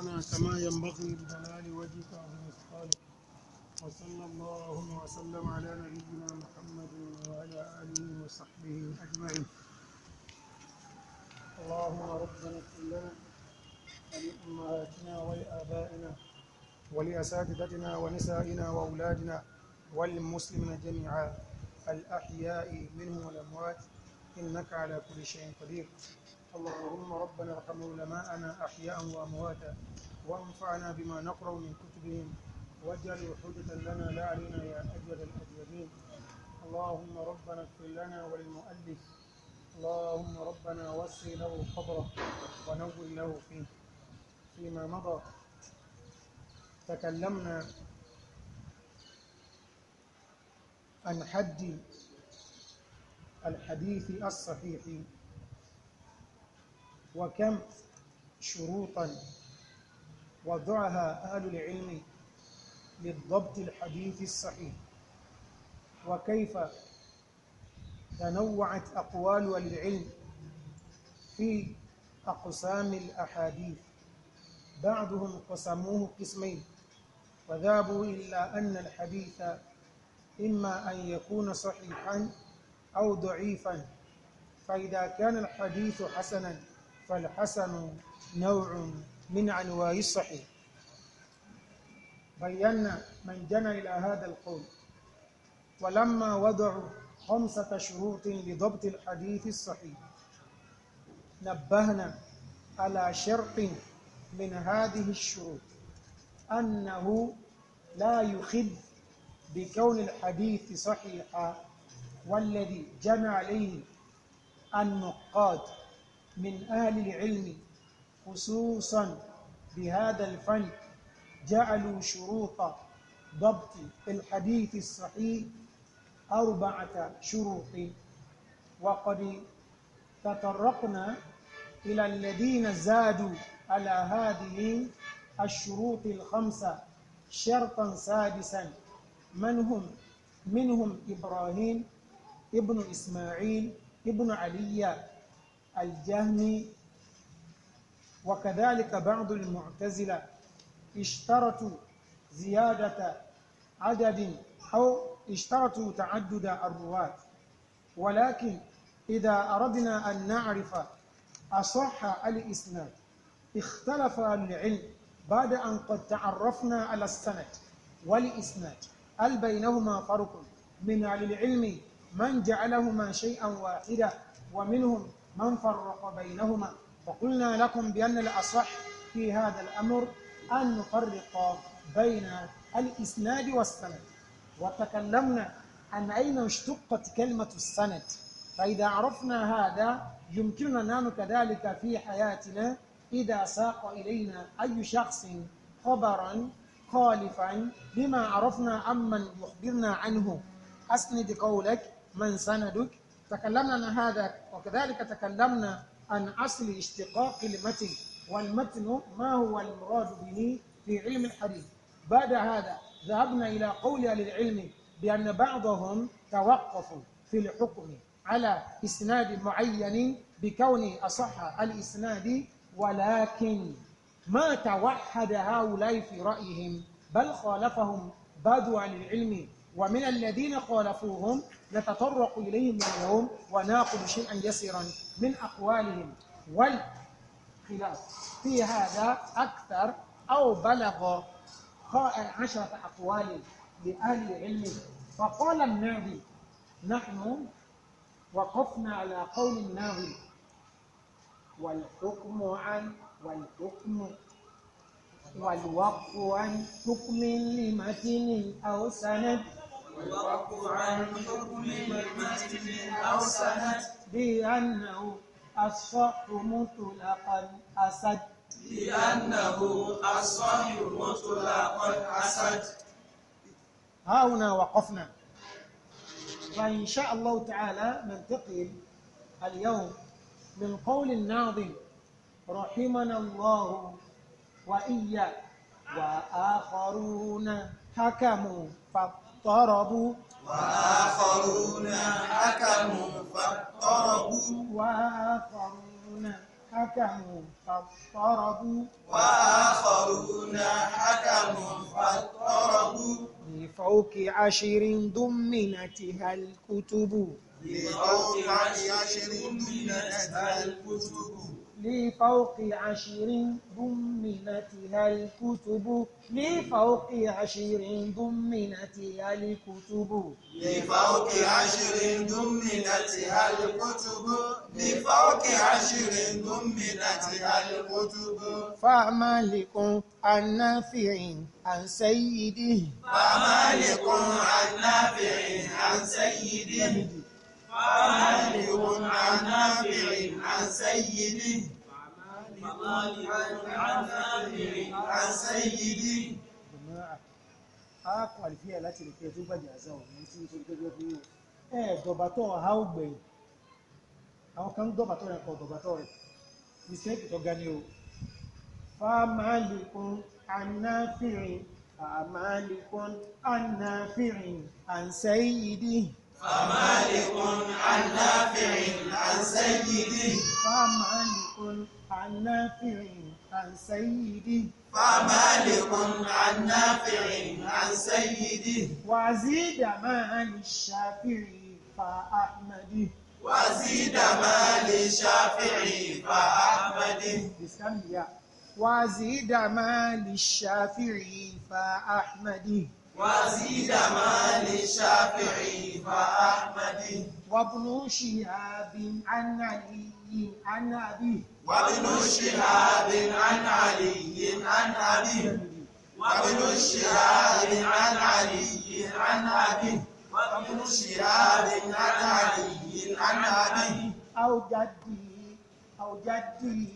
ربنا كما ينبغي لجلال وجهك عظيم سؤالك وصلى اللهم وسلم على نبينا محمد وعلى اله وصحبه اجمعين اللهم ربنا اغفر لنا ولامهاتنا ولابائنا ولاساتذتنا ونسائنا واولادنا والمسلمين جميعا الاحياء منهم والاموات انك على كل شيء قدير اللهم ربنا ارحم علماءنا احياء وامواتا وانفعنا بما نقرا من كتبهم واجعلوا حجة لنا لا علينا يا اجل الاجلين اللهم ربنا اغفر لنا وللمؤلف اللهم ربنا وسع له قبره ونور له فيه فيما مضى تكلمنا عن حد الحديث الصحيح وكم شروطا وضعها أهل العلم للضبط الحديث الصحيح وكيف تنوعت أقوال العلم في أقسام الأحاديث بعضهم قسموه قسمين وذهبوا إلا أن الحديث إما أن يكون صحيحا أو ضعيفا فإذا كان الحديث حسنا فالحسن نوع من أنواع الصحيح بينا من جنى إلى هذا القول ولما وضعوا خمسة شروط لضبط الحديث الصحيح نبهنا على شرط من هذه الشروط أنه لا يخب بكون الحديث صحيحا والذي جمع عليه النقاد من أهل العلم خصوصا بهذا الفن جعلوا شروط ضبط الحديث الصحيح أربعة شروط وقد تطرقنا إلى الذين زادوا على هذه الشروط الخمسة شرطا سادسا من هم منهم إبراهيم ابن إسماعيل ابن علي الجهم وكذلك بعض المعتزلة اشترطوا زيادة عدد أو اشترطوا تعدد الرواة ولكن إذا أردنا أن نعرف أصح الإسناد اختلف العلم بعد أن قد تعرفنا على السند والإسناد هل بينهما فرق من أهل العلم من جعلهما شيئا واحدا ومنهم من فرق بينهما وقلنا لكم بأن الأصح في هذا الأمر أن نفرق بين الإسناد والسند وتكلمنا عن أين اشتقت كلمة السند فإذا عرفنا هذا يمكننا نحن نعم كذلك في حياتنا إذا ساق إلينا أي شخص خبرا خالفا لما عرفنا عمن يخبرنا عنه أسند قولك من سندك تكلمنا عن هذا وكذلك تكلمنا عن أصل اشتقاق المتن والمتن ما هو المراد به في علم الحديث بعد هذا ذهبنا إلى قول أهل العلم بأن بعضهم توقفوا في الحكم على إسناد معين بكون أصح الإسناد ولكن ما توحد هؤلاء في رأيهم بل خالفهم بعض أهل العلم ومن الذين خالفوهم نتطرق إليهم اليوم وناخذ شيئا يسيرا من أقوالهم والخلاف في هذا أكثر أو بلغ عشرة أقوال لأهل العلم فقال الناوي نحن وقفنا على قول الناوي والحكم عن والحكم والوقف عن حكم لمتن أو سند والوقف عن حكم المسجد أو سند بأنه الصح مطلقا أسد لأنه الصح مطلقا أسد ها هنا وقفنا فإن شاء الله تعالى ننتقل اليوم من قول الناظم رحمنا الله وإياك وآخرون حكموا فقط فاضطربوا وآخرون حكموا فاضطربوا وآخرون حكموا فاضطربوا وآخرون حكموا فاضطربوا لفوق عشر ضمنتها الكتب لفوق عشر ضمنتها الكتب لفوق عشر ضمنت الكتب لفوق عشر ضمنت الكتب لفوق عشر ضمنت الكتب لفوق عشر ضمنت الكتب فمالك عن نافع عن سيده فمالك عن نافع عن سيده فمالئ عن نافع عن سيده فمالئ عن عن سيده a kwalifiya láti lè fẹ́ tó gbàjà àzá òun ní tí ó tó gbẹ́gbẹ́ fún yóò ẹ̀ dọ̀bàtọ̀ ha ó gbẹ̀yìn àwọn kan dọ̀bàtọ̀ rẹ̀ kọ̀ dọ̀bàtọ̀ rẹ̀ mistake tó ga ni o famalikun anáfìrin amalikun anáfìrin ànsẹ́yìdì فمالك عن نافع عن سيده فمالك عن نافع عن سيده فمالك عن نافع عن سيده وزيد ما الشافعي فأحمده وزيد ما للشافعي فأحمده وزيد ما للشافعي فأحمده وزيد ما للشافعي فأحمد وابن شهاب عن علي عن أبيه وابن شهاب عن علي عن أبيه وابن شهاب عن علي عن أبيه وابن شهاب عن علي عن أبيه أو جدي أو جدي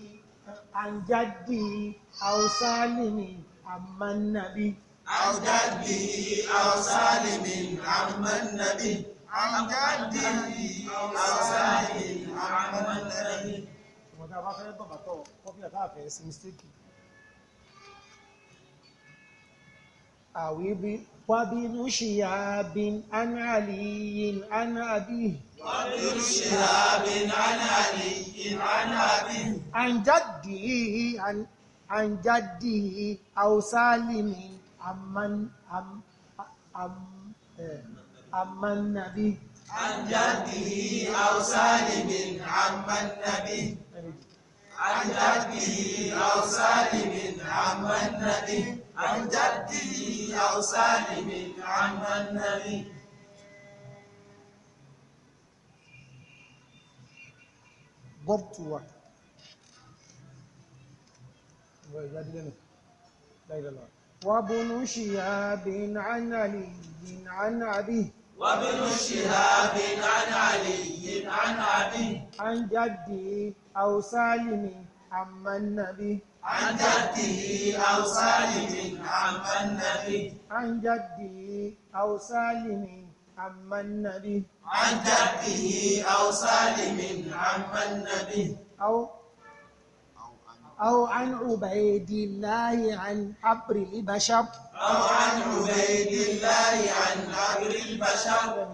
عن جدي أو سالم عما النبي عن جده أو سالم عمن النبي عن جده أو سالم عمن النبي أو وابن شهاب عن علي عن أبيه وابن شهاب عن علي عن أبيه عن جده عن عن جده أو سالم عمن عم عم عمن به عن جده أو سالم عمن به عن جده أو سالم عمن به عن جده أو سالم عمن به ضبط واحد لا إله إلا الله وابن شهاب عن علي عن أبيه وابن شهاب عن علي عن أبيه عن جده أو سالم عما النبي عن جده أو سالم عما النبي عن جده أو سالم عما النبي عن جده أو سالم عما النبي أو أو عن عبيد الله عن عبر البشر أو عن عبيد الله عن عبر البشر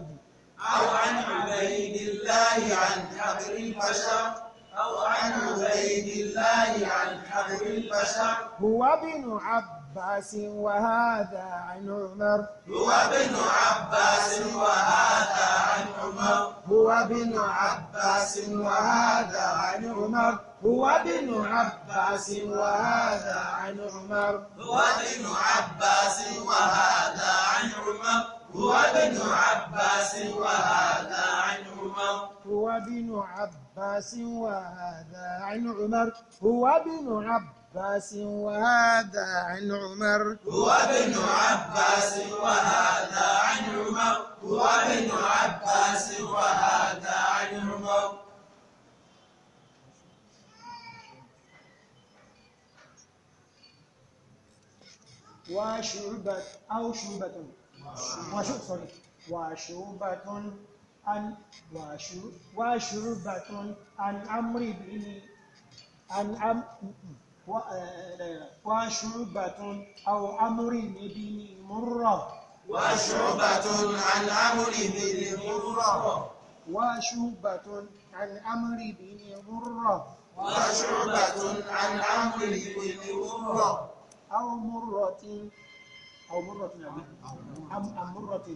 أو عن عبيد الله عن عبر البشر أو عن عبيد الله عن عبر البشر هو ابن عباس وهذا عن عمر هو ابن عباس وهذا عن عمر هو ابن عباس وهذا عن عمر هو ابن عباس وهذا عن عمر هو ابن عباس وهذا عن عمر هو ابن عباس وهذا عن عمر هو ابن عباس وهذا عن عمر هو ابن عباس وهذا عن عمر هو ابن عباس وهذا عن عمر هو ابن عباس وهذا عن عمر وشعبة أو شعبة وشعبة سوري وشعبة عن وشعبة عن أمر به عن أم وشعبة أو أمر به مرة وشعبة عن أمر به مرة وشعبة عن أمر به مرة وشعبة عن أمر به مرة àwọn múrọ̀tì àwọn múrọ̀tì àbí àmúrọ̀tì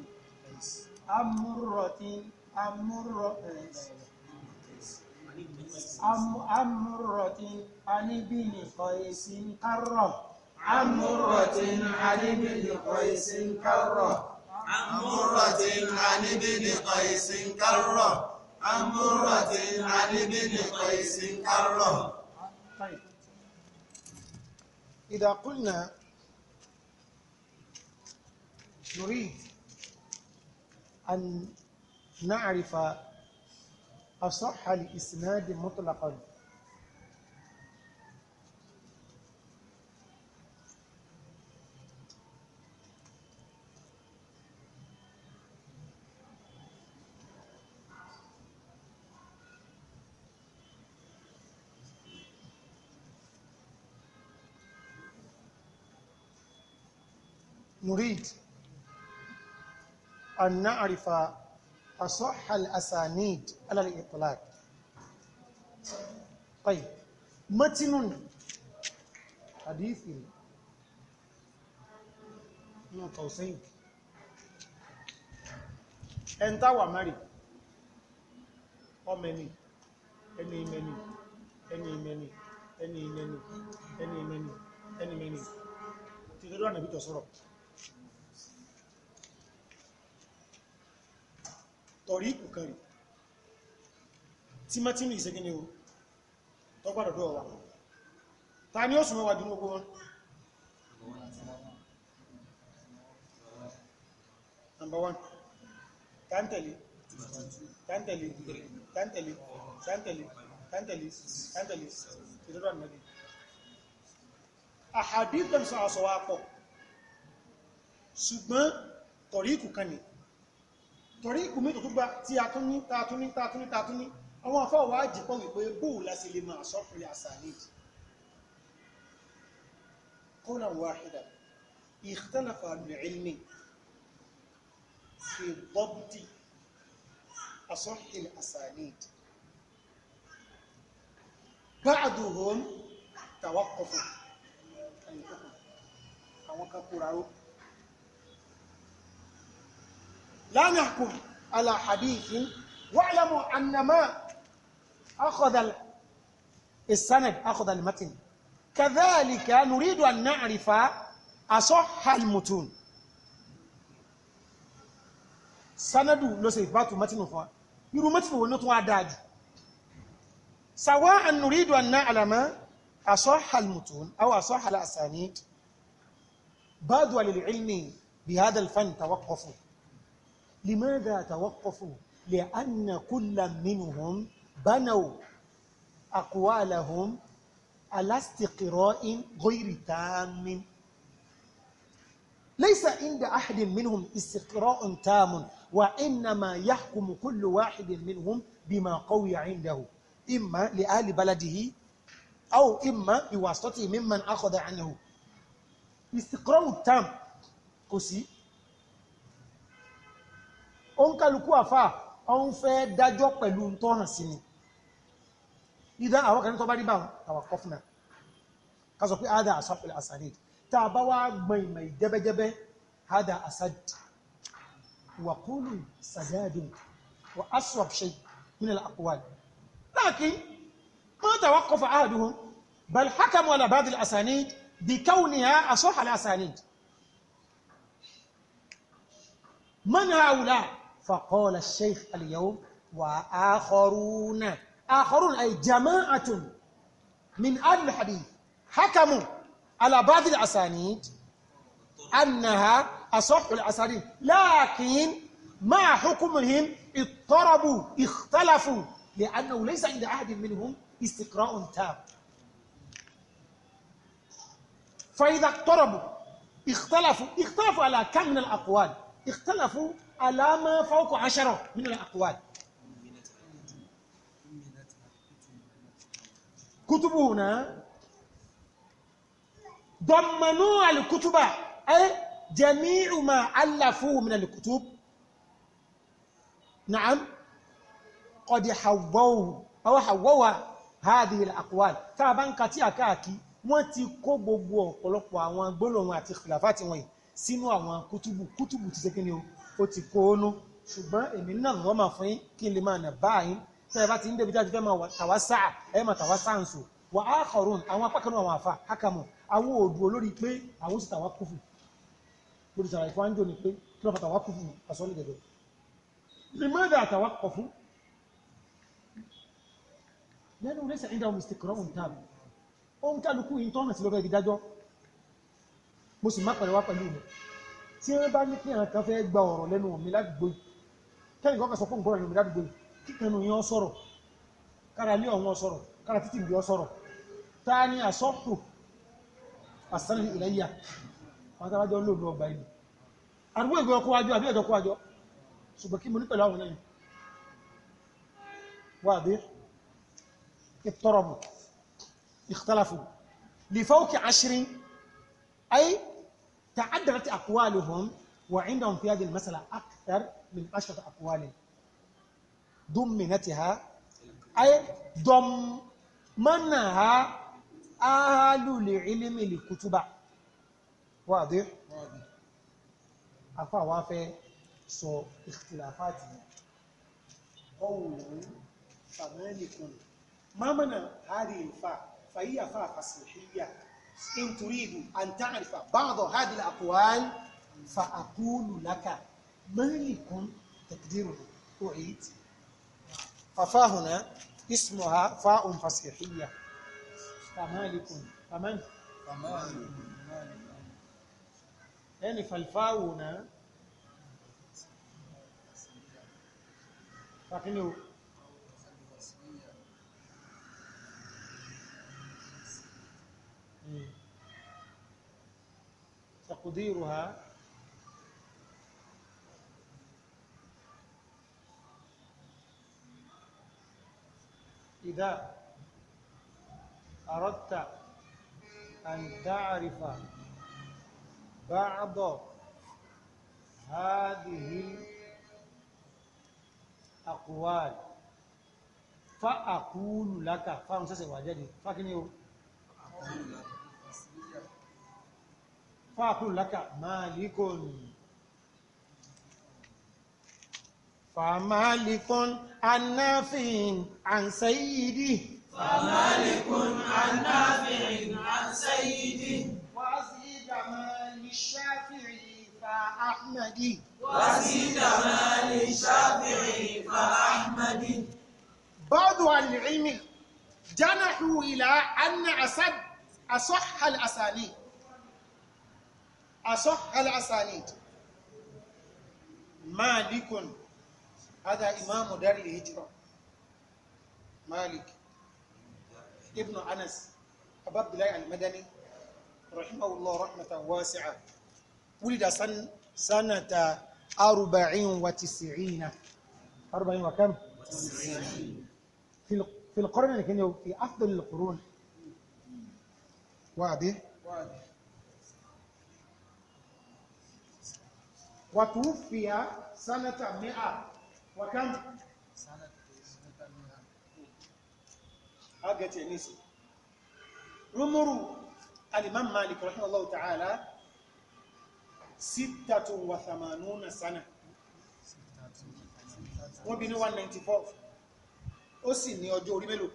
àmúrọ̀tì àmúrọ̀tì àníbìnì kọ̀ọ̀sì ń kárọ̀. عمرة عن بن قيس كره عمرة عن بن قيس كره عمرة عن بن قيس كره إذا قلنا نريد أن نعرف أصح الإسناد مطلقا نريد أن نعرف أصح الأسانيد على الإطلاق طيب متن حديث من قوسين ẹni táwà mẹ́rì ọmọ ẹni ẹni ìmẹ́ni ẹni ìmẹ́ni ẹni ìmẹ́ni ẹni ìmẹ́ni ẹni ìmẹ́ni tìtọ́dọ́ ànàbítọ̀ sọ̀rọ̀ tọ̀rí ìkù kan rí tí mẹ́tínú ìṣẹ́gíní o tọ́gbàdọ̀dọ̀ wa ta ni ó sùn mẹ́wàá dínú ogun wọn number one tántẹ̀lé tántẹ̀lé tántẹ̀lé tántẹ̀lé tántẹ̀lé tántẹ̀lé ìdọ́dọ̀ àmì àhàdí tẹ̀sán àsọ̀wà pọ̀ ṣùgbọ́n tọ̀rí ìkù kan nìí torí ìkùnmí tó tún gba tí a tún ní tá a tún ní tá a tún ní tá a tún ní àwọn afọ́wà àjìpọ̀ wípé bóò láti lè máa sọ́fúnlẹ̀ àsàlẹ̀jì kọ́nà wáhídà ìtànàfà lẹ́ẹ̀lmì fi bọ́bdì asọ́fúnlẹ̀ àsàlẹ̀jì báàdùhùn tàwákọ̀fù àwọn kakúraró لا نحكم على حديث واعلموا ان ما اخذ السند اخذ المتن كذلك نريد ان نعرف اصح المتون سند لو سيفات متن فوا يرو متن ونوت وعداد سواء نريد ان نعلم اصح المتون او اصح الاسانيد بعض للعلم بهذا الفن توقفوا لماذا توقفوا؟ لأن كل منهم بنوا أقوالهم على استقراء غير تام ليس عند أحد منهم استقراء تام وإنما يحكم كل واحد منهم بما قوي عنده إما لأهل بلده أو إما بواسطته ممن أخذ عنه استقراء التام ó ń kálukú àfà ọ ń fẹ́ dájọ́ pẹ̀lú tọ́ràn sí ni ìdá àwọn kan tó bá rí báwọn àwọn kọfúnà ká sọ pé ada asọ́pẹ̀lẹ̀ asanid tá a bá wá gbọ́n ìmọ̀ ìjẹ́bẹ́jẹ́bẹ́ ada asad wàkúlù sadadun wa aswab shay min al aqwal lakin ma tawaqqafa ahaduhum bal hakamu ala asanid bi kawniha asah al asanid man haula فقال الشيخ اليوم وآخرون آخرون أي جماعة من أهل الحديث حكموا على بعض الأسانيد أنها أصح الأسانيد لكن مع حكمهم اضطربوا اختلفوا لأنه ليس عند أحد منهم استقراء تام فإذا اضطربوا اختلفوا اختلفوا على كم من الأقوال اختلفوا على ما فوق عشرة من الأقوال كتبنا ضمنوا الكتب أي جميع ما ألفوه من الكتب نعم قد حووه أو حووها هذه الأقوال تابان كتيا كاكي wọ́n ti kó gbogbo ọ̀pọ̀lọpọ̀ àwọn gbólóhùn àti ìfìlàfà tí wọ́n yìí sínú àwọn kútùbù kútùbù ti ṣe kí ni o ó ti kó ónú ṣùgbọ́n èmi náà wọ́n máa fún yín kí n lè máa nà báyìí tẹ́ ẹ bá ti ń débi tí a ti fẹ́ máa tàwa sáà ẹ máa tàwa sáà ń sò wà á kọ̀rún àwọn apá kanú àwọn àfa hákàmù àwọn òdu olórí pé àwọn sì tàwa kúfù lórí sàrà ìfọ̀ àńjọ ni pé kí wọ́n fa tàwa kúfù àsọ́lé gẹ̀gẹ̀ lèmọ́dà àtàwa kọ̀ fún lẹ́nu lẹ́sẹ̀ ìdáhùn mr crown tàbí ohun kálukú yìí tọ́nà mo sì má pẹ̀lú wá pẹ̀lú mi tí wọ́n bá ní pé àwọn kan fẹ́ gba ọ̀rọ̀ lẹ́nu mi ládùúgbò yìí kẹ́yìn kọ́kọ́ sọ fún nǹkan lẹ́nu mi ládùúgbò yìí kíkanu yẹn sọ̀rọ̀ kára lé ọ̀hún sọ̀rọ̀ kára títì bí ọ sọ̀rọ̀ ta ni àsọ́pù àsánlẹ̀ ìlẹ́yà wọn tá wájọ́ lóòrùn ọgbà ilẹ̀ àdúgbò ìgbẹ́ ọkọ̀ wájọ́ àbí ẹ̀dọ̀kọ̀ wájọ́ ṣùgbọ́n تعددت أقوالهم وعندهم في هذه المسألة أكثر من عشرة أقوال ضمنتها أي ضمنها أهل العلم للكتب واضح؟ واضح أفا وافي سو اختلافات قول فمالك ما منع هذه الفاء فهي فاء تصريحية إن تريد أن تعرف بعض هذه الأقوال فأقول لك ما لكم تقديره أعيد ففا هنا اسمها فاء فصيحية فما لكم فمن؟ فمالك يعني فالفاء هنا لكنه تقديرها إذا أردت أن تعرف بعض هذه الأقوال فأقول لك فأنسى سواجدي فكني فأقول لك مالك فمالك عن نافع عن سيدي فمالك عن نافع عن سيدي وأزيد مال الشافعي فأحمد وأزيد مال الشافعي فأحمد بعض العلم جنحوا إلى أن أسد أصح الأسانيد أصح الأسانيد مالك هذا إمام دار الهجرة مالك ابن أنس أبو عبد الله المدني رحمه الله رحمة واسعة ولد سن سنة أربعين وتسعين أربعين وكم؟ وتسعين في في القرن كان في أفضل القرون واضح وتوفي سنة 100 وكم؟ سنة 100 أجت نسي عمر الإمام مالك رحمه الله تعالى ستة وثمانون سنة وبنوى 94 ó sì ní ọjọ́ orí mélòó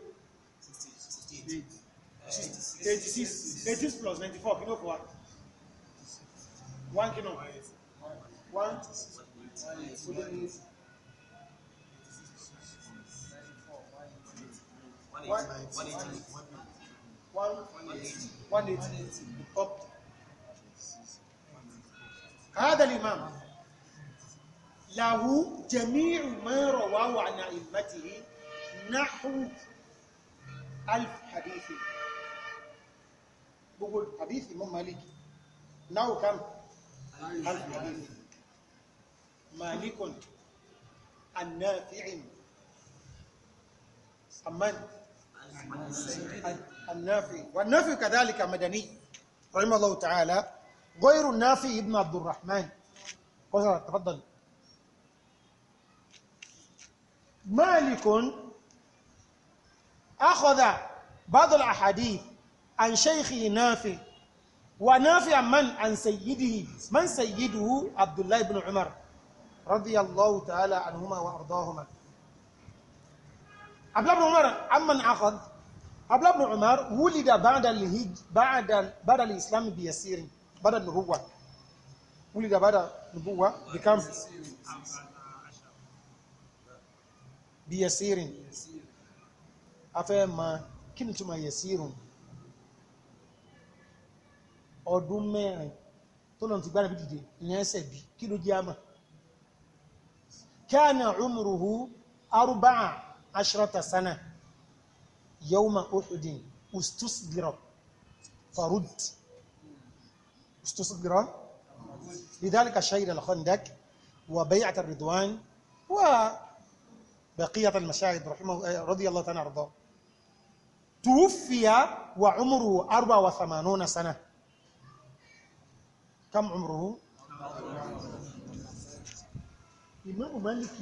eighty six eighty six plus ninety four kí ló fún wa one kìnnà one one eighty up هذا الإمام له جميع ما رواه عن أئمته نحو ألف حديث بقول حديث إمام مالك نحو كم ألف حديث مالك النافع نافع النافع والنافع كذلك مدني رحمه الله تعالى غير النافع ابن عبد الرحمن تفضل مالك أخذ بعض الأحاديث عن شيخه نافع ونافع من عن سيده من سيده عبد الله بن عمر رضي الله تعالى عنهما وأرضاهما عبد الله بن عمر عمن أخذ عبد الله بن عمر ولد بعد الهج بعد بعد الإسلام بيسير بعد النبوة ولد بعد النبوة بكم بيسير afẹ́ mọ kí ni túmọ̀ yẹ sí irun ọdún mẹ́rin tó lọ́n ti gbára bí dìde ìyẹn ẹsẹ̀ bí kí ló jẹ́ àmà kana umruhu arba'a ashrata sana yawma uhudin ustusgira farud استصدر لذلك شير الخندق وبيعة الرضوان وبقية المشاهد رحمه رضي الله تعالى عنه توفي وعمره أربع وثمانون سنة كم عمره؟ Imam Malik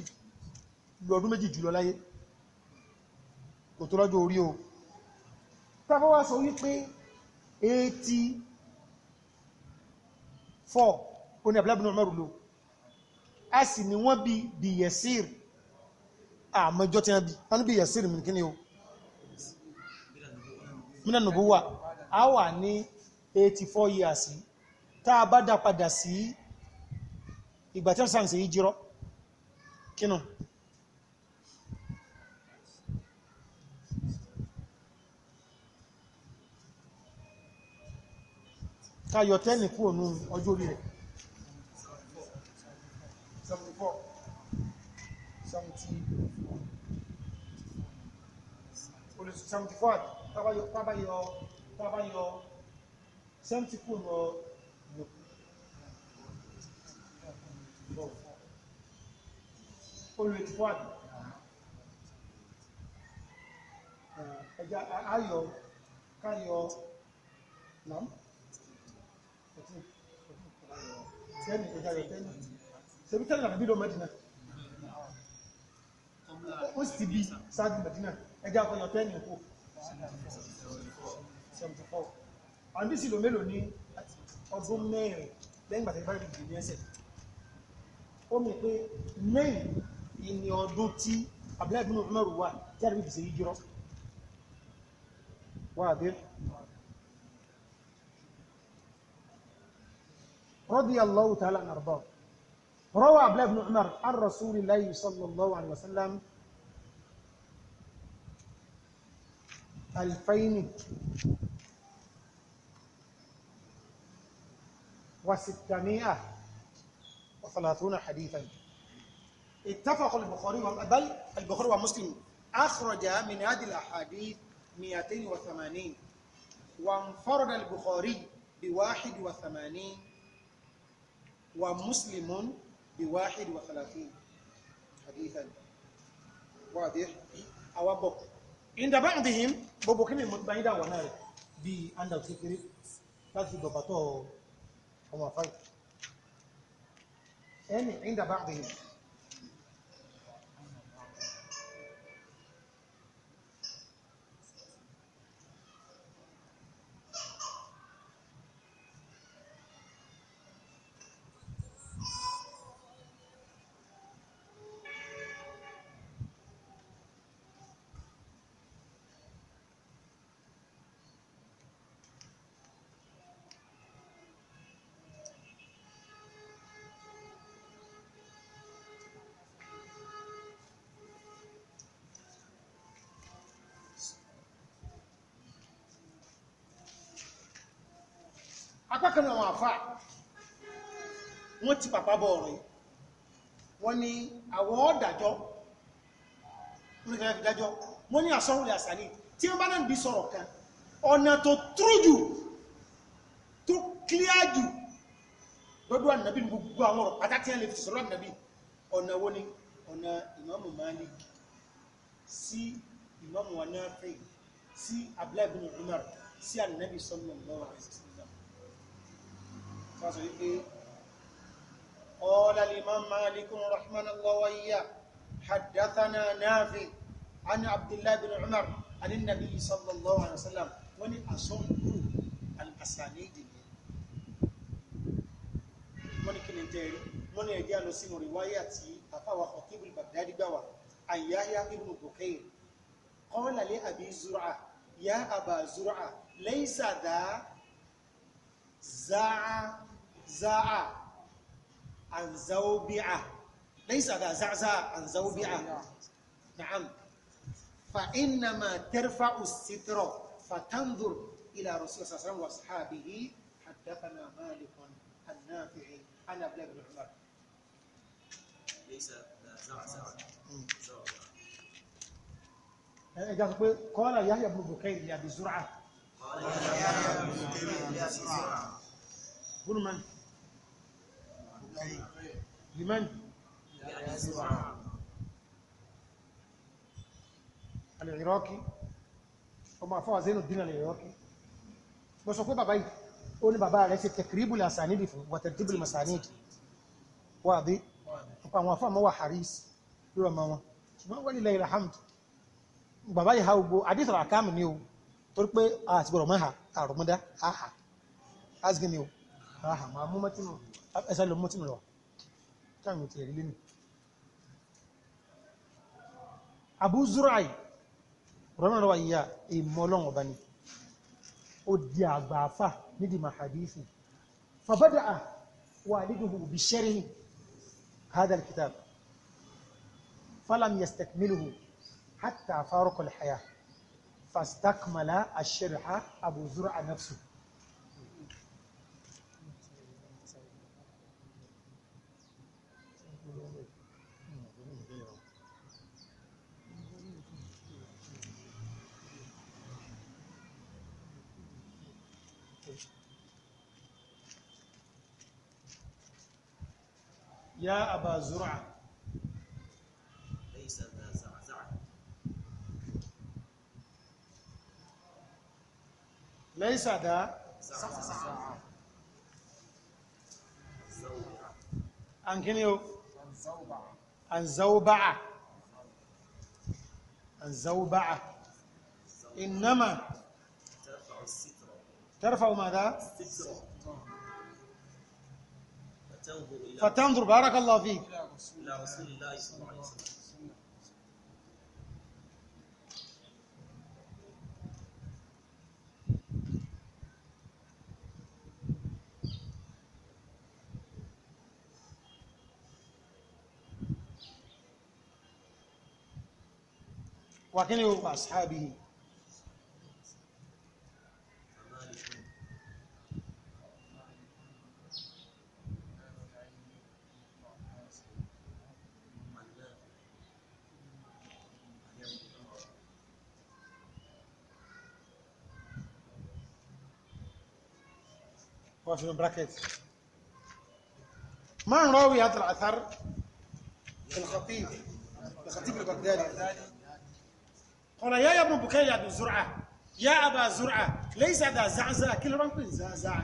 lọ́dún méjì jùlọ láyé kò tó lọ́jọ́ orí o tàbí wá sọ wípé 84 oní àbúlábìnà ọmọ rùlọ a sì ni wọ́n bí bí yẹ̀sìr àmọ́jọ́ tí wọ́n bí yẹ̀sìr mìkíní o mina nubuwa a wà ní eighty four years tá a bá dá padà sí ìgbà tí wọ́n sàn sí ìjírọ́ kínú. ká yọ tẹ́nì kúrò ní ọjọ́ orí rẹ̀. 74 70 74 tábáyọ tábáyọ sẹ́ńtì kù lọ olùwẹ̀ tí fún àbí ẹja ayọ̀ káyọ̀ nàám tẹ́ni ẹja ayọ̀ tẹ́ni ṣebí tẹ́ni àbí lọ mẹ́dínà ó sì ti bí sáájú mẹ́dínà ẹja akọ̀yọ̀ tẹ́ni kò 74 àwọn bíi sílò mélòó ní ọdún mẹ́rin lẹ́yìn gbàtẹ́ bá rí ìdí ẹsẹ̀ ó mi pé mẹ́rin ìní ọdún tí Abdullahi bin Umar wà tí a rí fi ṣe yíjọ́ wà dé radiyallahu ta'ala anhu arba rawa Abdullahi bin Umar ar-Rasulillahi sallallahu alaihi wasallam ألفين وستمائة وثلاثون حديثا اتفق البخاري بل البخاري ومسلم أخرج من هذه الأحاديث 280 وانفرد البخاري بواحد وثمانين ومسلم بواحد وثلاثين حديثا واضح أو بق inda ba'dihim gbogbo kí ni mo ti bá yín dà wà náà rẹ̀ bíi handout kékeré láti dọ̀bàtọ̀ ọmọ àfáì ẹni inda ba'dihim apákanáà àwọn àfà wọ́n ti pàpá bọ̀ ọ̀rọ̀ yìí wọ́n ní àwọn ọ̀dàjọ́ oníkẹ́kẹ́dájọ́ wọ́n ní àsọ́wọ́lẹ̀ àsàlẹ̀ tí wọ́n bá náà bí sọ̀rọ̀ kan ọ̀nà tó trújù tó kíláàjù lọ́dọ̀ ànàbí ní gbogbo àwọn ọ̀rọ̀ pátá tí wọ́n lè fi sọ̀rọ̀ ànàbí ọ̀nà wo ni ọ̀nà ìmáàmù Malik sí ìmáàmù Nafi sí Abdullahi bin Umar sí ànàbí sallallahu wọ́n sọ wípé قال الإمام مالك رحمه الله وإياه حدثنا نافع عن عبد الله بن عمر عن النبي صلى الله عليه وسلم wọ́n ní àsọ́nkú al'asàníìdì ni wọ́n ní kí ni tẹ́rí wọ́n ní ẹ̀dí àlọ́ sínú ríwáyà tí àfáwà Khatib al-Baghdadi gbáwà àyáyá ibn Bukayr qala li Zur'a ya Aba Zur'a laysa dha za'a زعزع عن زوبعة ليس ذا زعزع عن زوبعة نعم فإنما ترفع الستر فتنظر إلى رسول صلى الله عليه وسلم وأصحابه حدثنا مالك النافع عن عبد بن عمر ليس زعزع زعزع قال يحيى بن بكير يا بزرعة قال يحيى بن بكير يا بزرعة قل من؟ لمن العراقي ọmọ àfọwà zénú dínà العراقي mo sọ pé bàbá yìí ó ní bàbá rẹ̀ ṣe tẹ̀kìrìbù lè àsànídì fún wàtẹ̀dìbù lè màsànídì wà dé ọ̀pọ̀ àwọn àfọwà mọ́wà haris lọ́rọ̀ ma wọn ṣùgbọ́n wọ́n nílẹ̀ ìràhàmd bàbá yìí ha gbogbo àdìsọ̀rọ̀ àkáàmù ni o torí pé àtìgbọ̀rọ̀ mọ́ ha àrùmọ́dá àhà azgini o àhà máa mú mọ́tínú ẹsẹ ló mú tí mi lọ táwọn ti rí lẹ́nu Abu Zurai rọ́nà lọ́wọ́ ìyá ìmọ̀ ọlọ́run ọba ni ó di àgbà afá nídìí ma hadithi fàbádà wà nídìí òbí sẹ́rìn هذا الكتاب فلم يستكمله حتى فارق الحياة فاستكمل الشرح أبو زرع نفسه يا أبا زرعة ليس ذا زعزعة ليس ذا زعزعة عن كنيو عن زوبعة عن زوبعة إنما ترفع الستر ترفع ماذا؟ الستر فتنظر بارك الله فيك إلى رسول الله صلى الله عليه وسلم وكان يوقع أصحابه وفي البراكت من راوي هذا الأثر الخطيب الخطيب البغدادي قال يا ابن بكير يا ابن زرعة يا أبا زرعة ليس ذا زعزع كل رمكن زعزع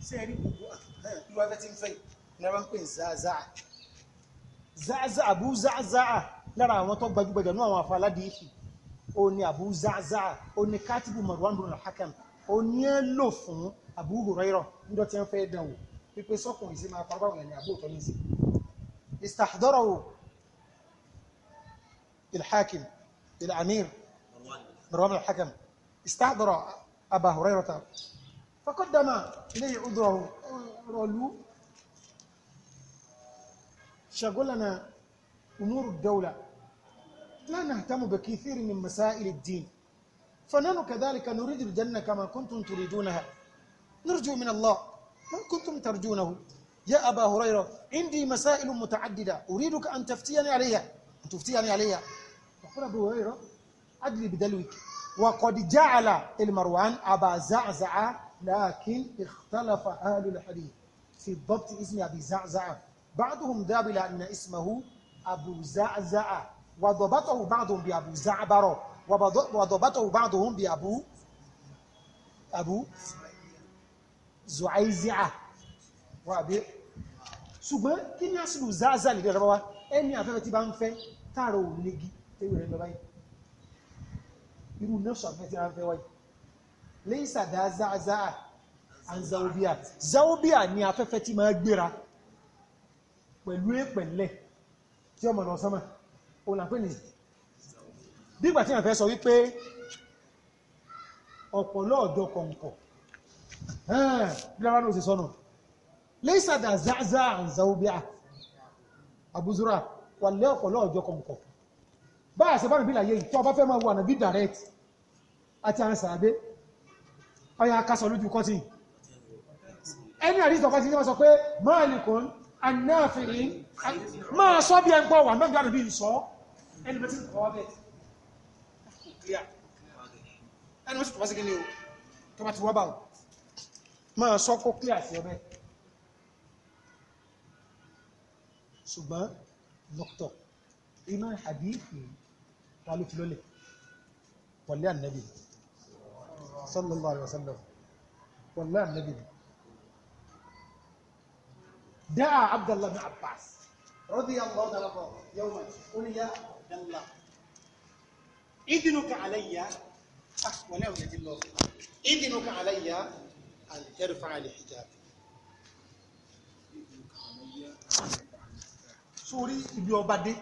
سيري بوبوة لوافة في رمكن زعزع زعزع أبو زعزع lára àwọn tó gbajúgbajà ní àwọn afaládì ìṣì o ní àbú záàzáà o ní kátìbù marwan bin al-hakam o ní ẹ lò fún níjọ́ الحاكم الأمير مروان الحكم استحضر أبا هريرة فقدم إليه عذره رولو شغلنا أمور الدولة لا نهتم بكثير من مسائل الدين فنحن كذلك نريد الجنة كما كنتم تريدونها نرجو من الله ما كنتم ترجونه يا أبا هريرة عندي مسائل متعددة أريدك أن تفتيني عليها أن تفتيني عليها يقول أبو هريرة أدلي بدلوك وقد جعل المروان أبا زعزع لكن اختلف أهل الحديث في ضبط اسم أبي زعزع بعضهم ذهب إلى أن اسمه أبو زعزع وضبطه بعضهم بأبو زعبر وضبطه بعضهم بأبو أبو zuaizia wà bí ṣùgbọ́n kí ní àṣìlù záàzà lè dẹ̀rọ wá ẹni afẹ́fẹ́ tí bá ń fẹ́ tààrà òun nígi tẹ́wì rẹ̀ lọ báyìí irú nọ́ọ̀sù afẹ́fẹ́ tí wọ́n fẹ́ wáyìí lẹ́yìn sàdá záàzà and zaobia zaobia ni afẹ́fẹ́ tí máa gbéra pẹ̀lú èpẹ̀lẹ̀ tí ọmọ lọ sánmà òun làpẹ́ bí ìgbà tí wọ́n fẹ́ sọ wípé ọ̀pọ̀lọ́ ọ̀dọ́ ìlànà òsì sọ́nà lẹ́sàdà záàzá àǹzáwóbíà àbúzúrà wà lẹ́ ọ̀pọ̀lọ́ ọjọ́ kọ̀ǹkọ̀ bá àṣẹ bá nìbílà yìí tó ọba fẹ́ máa wà nàbí direct àti àwọn sàábé ọya akásọ lójú kọ́tì ẹni àríṣọ́ kọ́tì ní wọ́n sọ pé máa nìkan anáàfihìn máa sọ bí ẹgbọ́ wà náà gbádùn bí sọ ẹni bẹ́ẹ̀ tí kọ́ wá bẹ́ẹ̀ ẹni bẹ́ẹ̀ tí kọ́ wá sí máa sọ kó clear sí ọbẹ̀ ṣùgbọ́n dr iná hadithi ta ló fi lólè pọ̀lẹ́ ànábì sallallahu alaihi wasallam pọ̀lẹ́ ànábì dáa abdullah bin abbas radiyallahu anhu yawma oníyà abdullah idinuka alayya ah wọlé àwọn ẹjẹ lọ idinuka alayya أن ترفع الحجاب sórí ibi ọba dé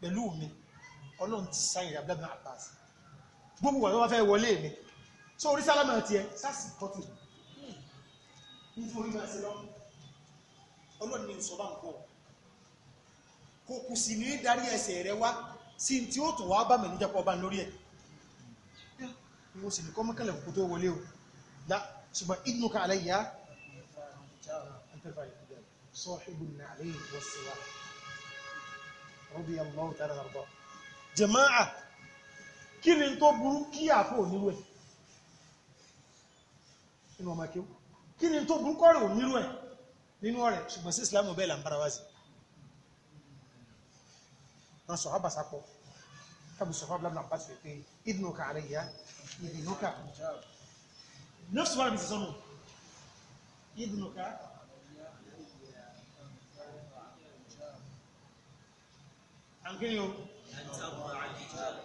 pẹ̀lú mi ọlọ́run ti sáyìn rẹ̀ abúlábìn Abbas gbogbo wà tó wá fẹ́ wọlé mi sórí sálámà tiẹ̀ sásì tọ́tù nítorí máa ṣe lọ ọlọ́run ní sọ bá ń kọ́ kò kù sí ní darí ẹsẹ̀ rẹ wá sí tí ó tún wá bá mi níjàpọ̀ ọba lórí ẹ̀ mo sì ní kọ́ mọ́kànlẹ̀ kó tó ṣùgbọ́n ibùkà aláìyá sọ́ọ̀hìbù nàlẹ́ ìwọ̀síwá rọ́bì allah tààrà àrùbọ̀ jẹ̀máà kí ni tó burú kí àfò onírú ẹ̀ inú ọmọ kí kí ni tó burú kọ́rẹ̀ onírú ẹ̀ nínú ọ̀rẹ́ ṣùgbọ́n sí islam bẹ́ẹ̀ là ń bára wá sí wọn sọ ọba sápọ̀ kábi sọ ọba bla bla bá ti fi pé ibùkà نفس ولا بيسموه ابنك عن كل يوم أن ترضى عن حجابه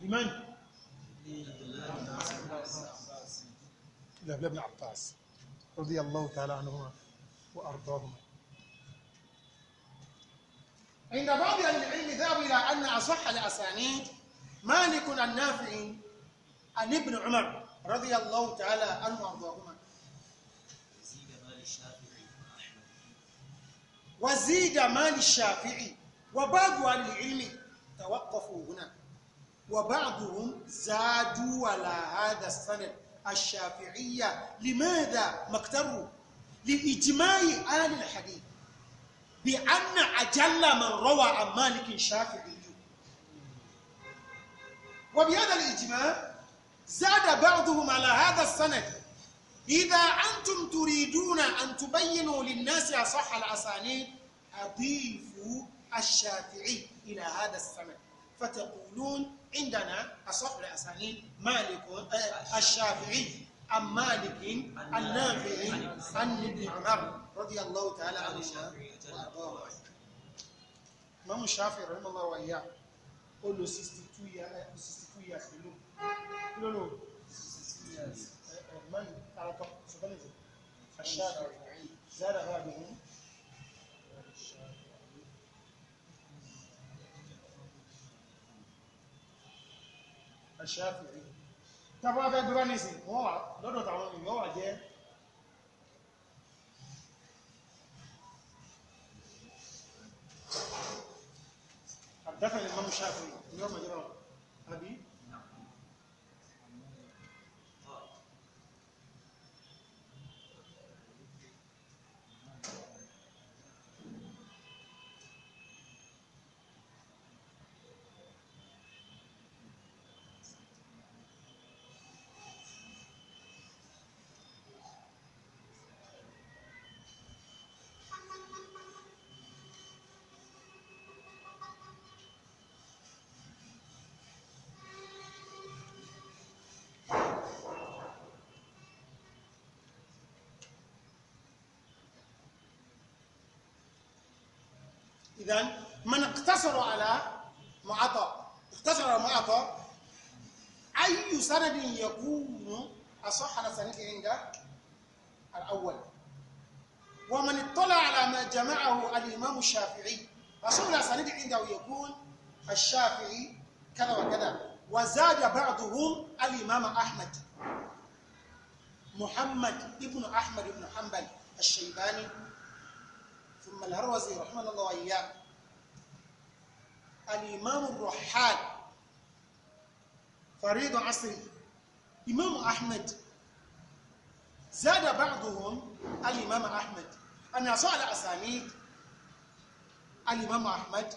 لمن؟ لابن ابن عباس رضي الله تعالى عنهما وأرضاهما عند بعض أهل العلم ذهبوا إلى أن أصح الأسانيد مالك عن نافع عن ابن عمر رضي الله تعالى عنه وارضاهما وزيد مال الشافعي وبعض اهل العلم توقفوا هنا وبعضهم زادوا على هذا السند الشافعية لماذا ما لإجماع أهل الحديث بأن أجل من روى عن مالك شافعي وبهذا الإجماع زاد بعضهم على هذا السند إذا أنتم تريدون أن تبينوا للناس أصح الأسانيد أضيفوا الشافعي إلى هذا السند فتقولون عندنا أصح الأسانيد مالك الشافعي أم مالك النافع عن ابن عمر رضي الله تعالى عنه ما الشافعي رحمه الله وإياه ó lo sixty two years eh, sixty two years ló kí ló lò ẹ̀gbọ́n àrọ́tọ̀ ṣùgbọ́n àṣà zara rabi'u àṣàfihàn tàbí fẹ́ gbé ní ìsìn wọ́n wà lọ́dọ̀ tàwọn ènìyàn wà jẹ́ حدثني الامام الشافعي يوم يرى ابي إذا من اقتصر على معطى اقتصر على معطى أي سند يكون أصح على سنده عند الأول ومن اطلع على ما جمعه الإمام الشافعي أصح على سنده عنده يكون الشافعي كذا وكذا وزاد بعضهم الإمام أحمد محمد ابن أحمد بن حنبل الشيباني ثم الهروزي رحمه الله وإياه الإمام الرحال فريد عصري إمام أحمد زاد بعضهم الإمام أحمد أن يصح على أسانيد الإمام أحمد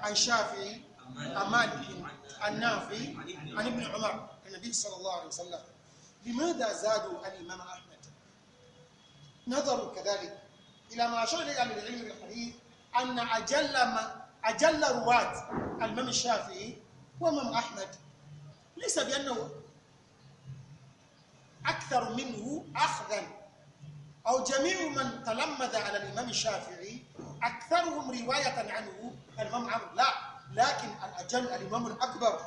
عن شافعي عن النافي عن ابن عمر النبي صلى الله عليه وسلم لماذا زادوا الإمام أحمد نظروا كذلك إلى ما أشار إليه من العلم الحديث أن أجل ما أجل رواة الإمام الشافعي هو الإمام أحمد ليس بأنه أكثر منه أخذا أو جميع من تلمذ على الإمام الشافعي أكثرهم رواية عنه الإمام عمرو لا لكن الأجل الإمام الأكبر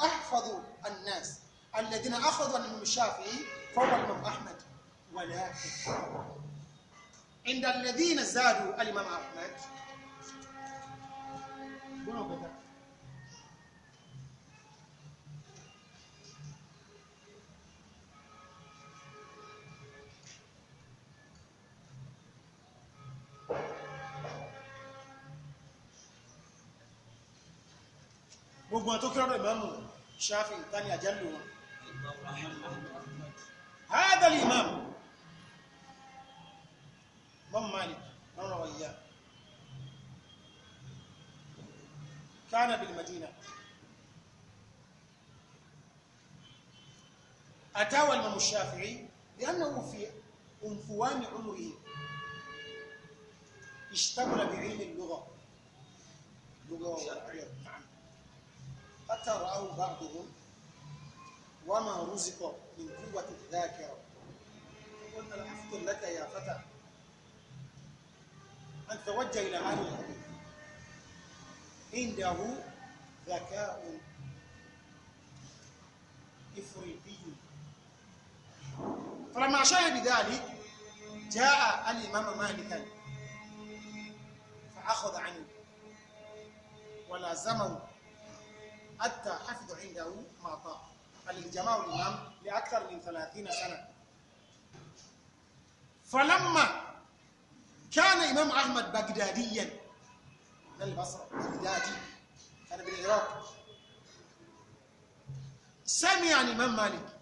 أحفظ الناس الذين أخذوا الإمام الشافعي فهو الإمام أحمد ولكن عند الذين زادوا الإمام أحمد gbogbo àtó kí lọ́dọ̀ ìmáàmù ṣáfì ìtàní àjálù wọn. هذا الإمام بن مالك نروى كان بالمدينة أتاوى الإمام الشافعي لأنه في أنفوان عمره اشتغل بعلم اللغة لغة والعرب نعم حتى رأوا بعضهم وما رزق من قوة الذاكرة قلنا الحفظ لك يا فتى أن توجه إلى هذا الحديث عنده ذكاء إفريقي فلما شاء بذلك جاء الإمام مالكا فأخذ عنه ولازمه حتى حفظ عنده ما طاع الجماع الإمام لأكثر من ثلاثين سنة فلما كان إمام أحمد بغداديا من البصرة بغدادي كان بالعراق سمع الإمام مالك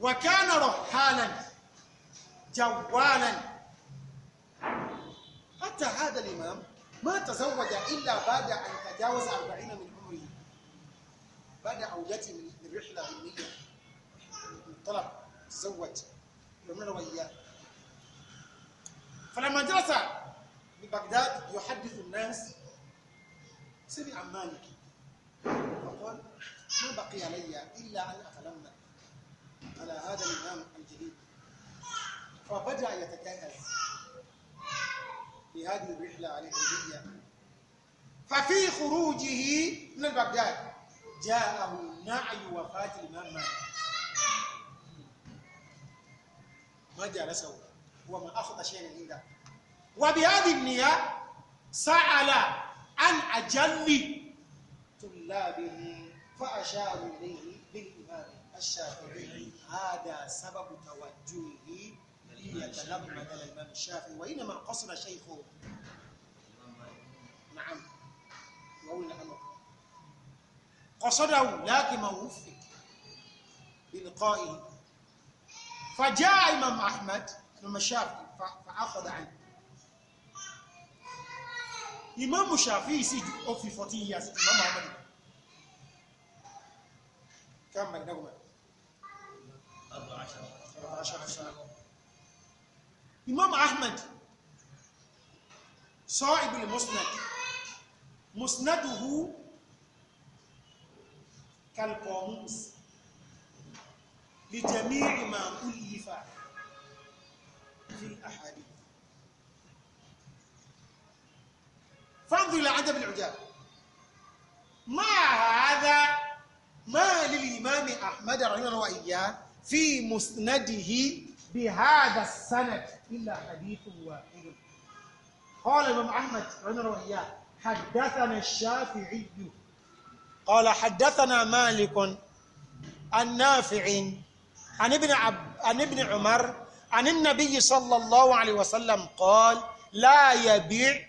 وكان رحالا جوالا حتى هذا الإمام ما تزوج إلا بعد أن تجاوز أربعين من عمره بعد عودته من رحلة علمية من طلب تزوج يومنا وياه فلما جلس ببغداد يحدث الناس سمع مالك فقال ما بقي علي الا ان اتلمذ على هذا الامام الجديد فبدا يتجهز هذه الرحله على الهديه ففي خروجه من بغداد جاءه نعي وفاه الامام مالك ما جلسه هو أخذ شيئا عنده وبهذه النية سأل عن أجل طلابه فأشاروا إليه بالإمام الشافعي هذا سبب توجهه ليتلمذ على الإمام الشافعي وإنما قصر شيخه نعم وأولى الأمر نعم. قصده لكن ما وفق بلقائه فجاء الإمام أحمد ثم الشافعي فأخذ عنه Imam Shafi'i siege of 14 ياس امام احمد كم من نقمة 14 14 سنة صاحب المسند مسنده كالقاموس لجميع ما ألف الأحاديث فانظر إلى عدم العجاب ما هذا ما للإمام أحمد رحمه الله وإياه في مسنده بهذا السند إلا حديث واحد قال الإمام أحمد رحمه الله وإياه حدثنا الشافعي قال حدثنا مالك عن نافع عن ابن عب عن ابن عمر عن النبي صلى الله عليه وسلم قال لا يبيع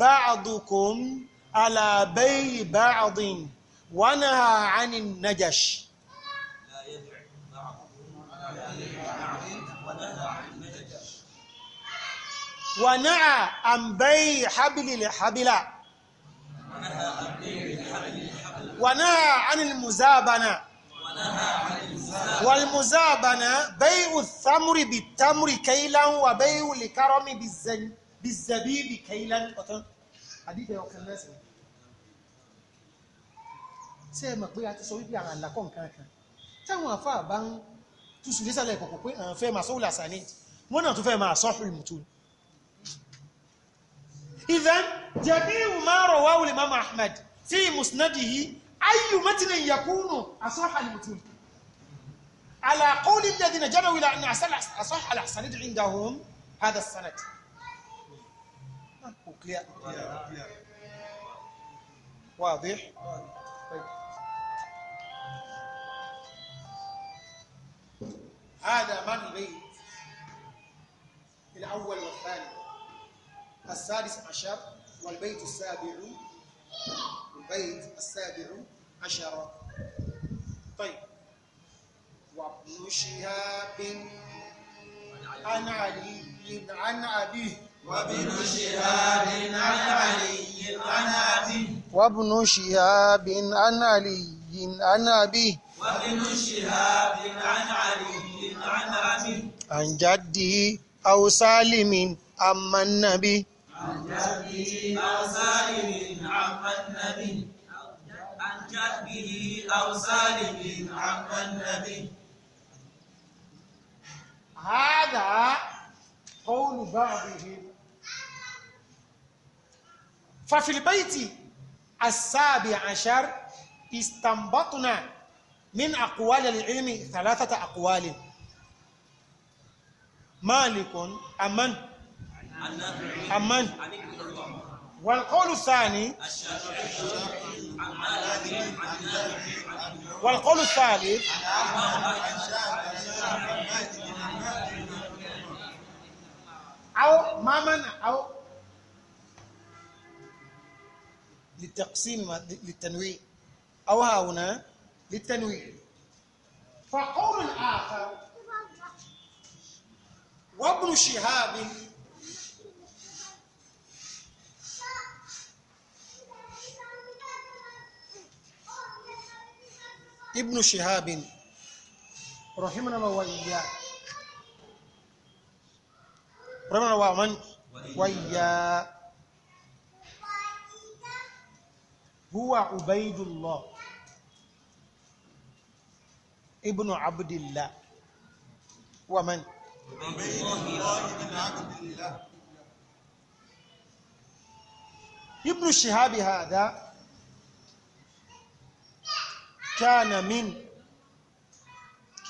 بعضكم على بي بعض ونهى عن النجش لا عن النجش حبل لحبل ونهى عن المزابنة ونهى عن والمزابنة بيع الثمر بالتمر كيلا وبيع الكرم بالزبيب كيلا حديث يوم كان لازم ṣé ẹ mọ̀ pé a ti sọ wípé àwọn àlàkọ̀ nǹkan kan táwọn àfáà bá ń túṣu lẹ́sàlẹ̀ ìkọ̀kọ̀ pé àwọn fẹ́ máa sọ́wọ́lá sàní wọ́n náà tún fẹ́ máa sọ́ọ̀hùn ìmùtú ìdán jẹ̀bí ìwùmárọ̀ wáwùlì mama ahmed fi musnadihi ayyu mẹ́tìlẹ̀ yakunu asọ́ọ̀hùn ìmùtú على قول الذين جروا إلى أن أصح الأحسنيد عندهم هذا السند واضح طيب. هذا من البيت الأول والثاني السادس عشر والبيت السابع البيت السابع عشر طيب وابن شهاب عن علي عن أبيه وابن شهاب عن علي عن أبيه وابن شهاب عن علي عن أبيه وابن شهاب عن علي عن أبيه عن جده أو سالم أما النبي عن جده أو سالم عم النبي عن جده أو سالم عم النبي هذا قول بعضهم ففي البيت السابع عشر استنبطنا من أقوال العلم ثلاثة أقوال مالك أمن أمن والقول الثاني والقول الثالث أو ما منع أو للتقسيم للتنويع أو ها هنا للتنويع فقول الآخر وابن شهاب ابن شهاب رحمنا الله وإياه رحمنا الله ومن وإياه هو عبيد الله ابن عبد الله ومن عبيد الله بن عبد الله ابن شهاب هذا كان من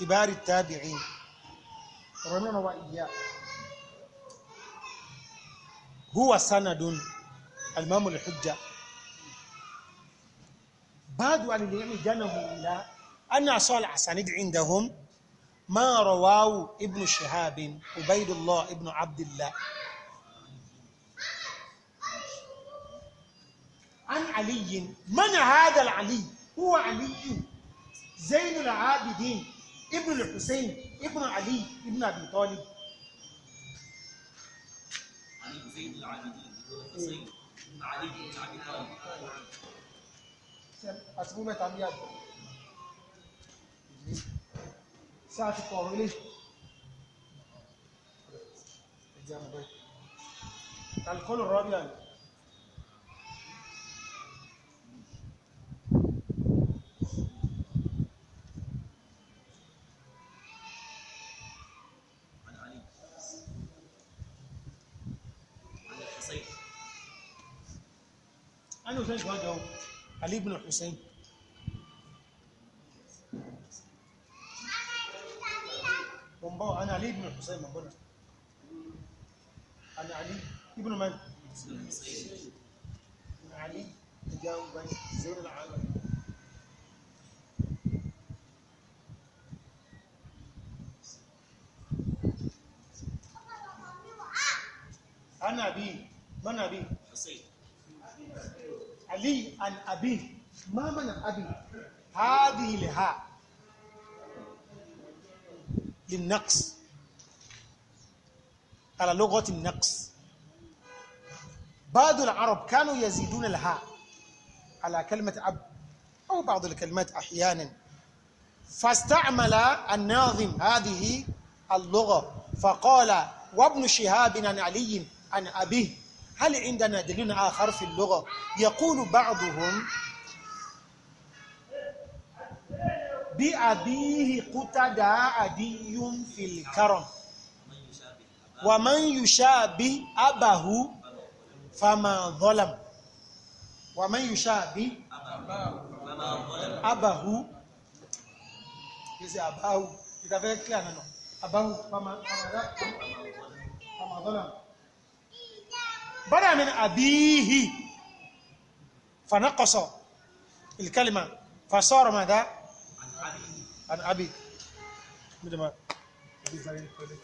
كبار التابعين رمينا وإياه هو سند الإمام الحجة بعد أن العلم جنبوا إلى أن أصال الأسانيد عندهم ما رواه ابن شهاب عبيد الله ابن عبد الله عن علي من هذا العلي هو علي زين العابدين ابن الحسين ابن علي ابن أبي طالب علي زين العابدين ابن الحسين ابن علي الرابع أنا وثالث واحد أهو علي بن الحسين بنبو أنا علي بن الحسين من أنا علي ابن من؟ علي تجاوب بن زين العالم أنا بي من أبي؟ حسين علي عن أبيه ما معنى ابي هذه لها للنقص على لغة النقص بعض العرب كانوا يزيدون الهاء على كلمة أب أو بعض الكلمات أحيانا فاستعمل الناظم هذه اللغة فقال وابن شهاب عن علي عن أبيه هل عندنا دليل آخر في اللغة يقول بعضهم بأبيه قتدى عدي في الكرم ومن يشابه أباه فما ظلم ومن يشابه أباه يزي أباه إذا فكر أنا أباه فما فما ظلم بدأ من أبيه فنقص الكلمة فصار ماذا؟ عن أبي عن أبي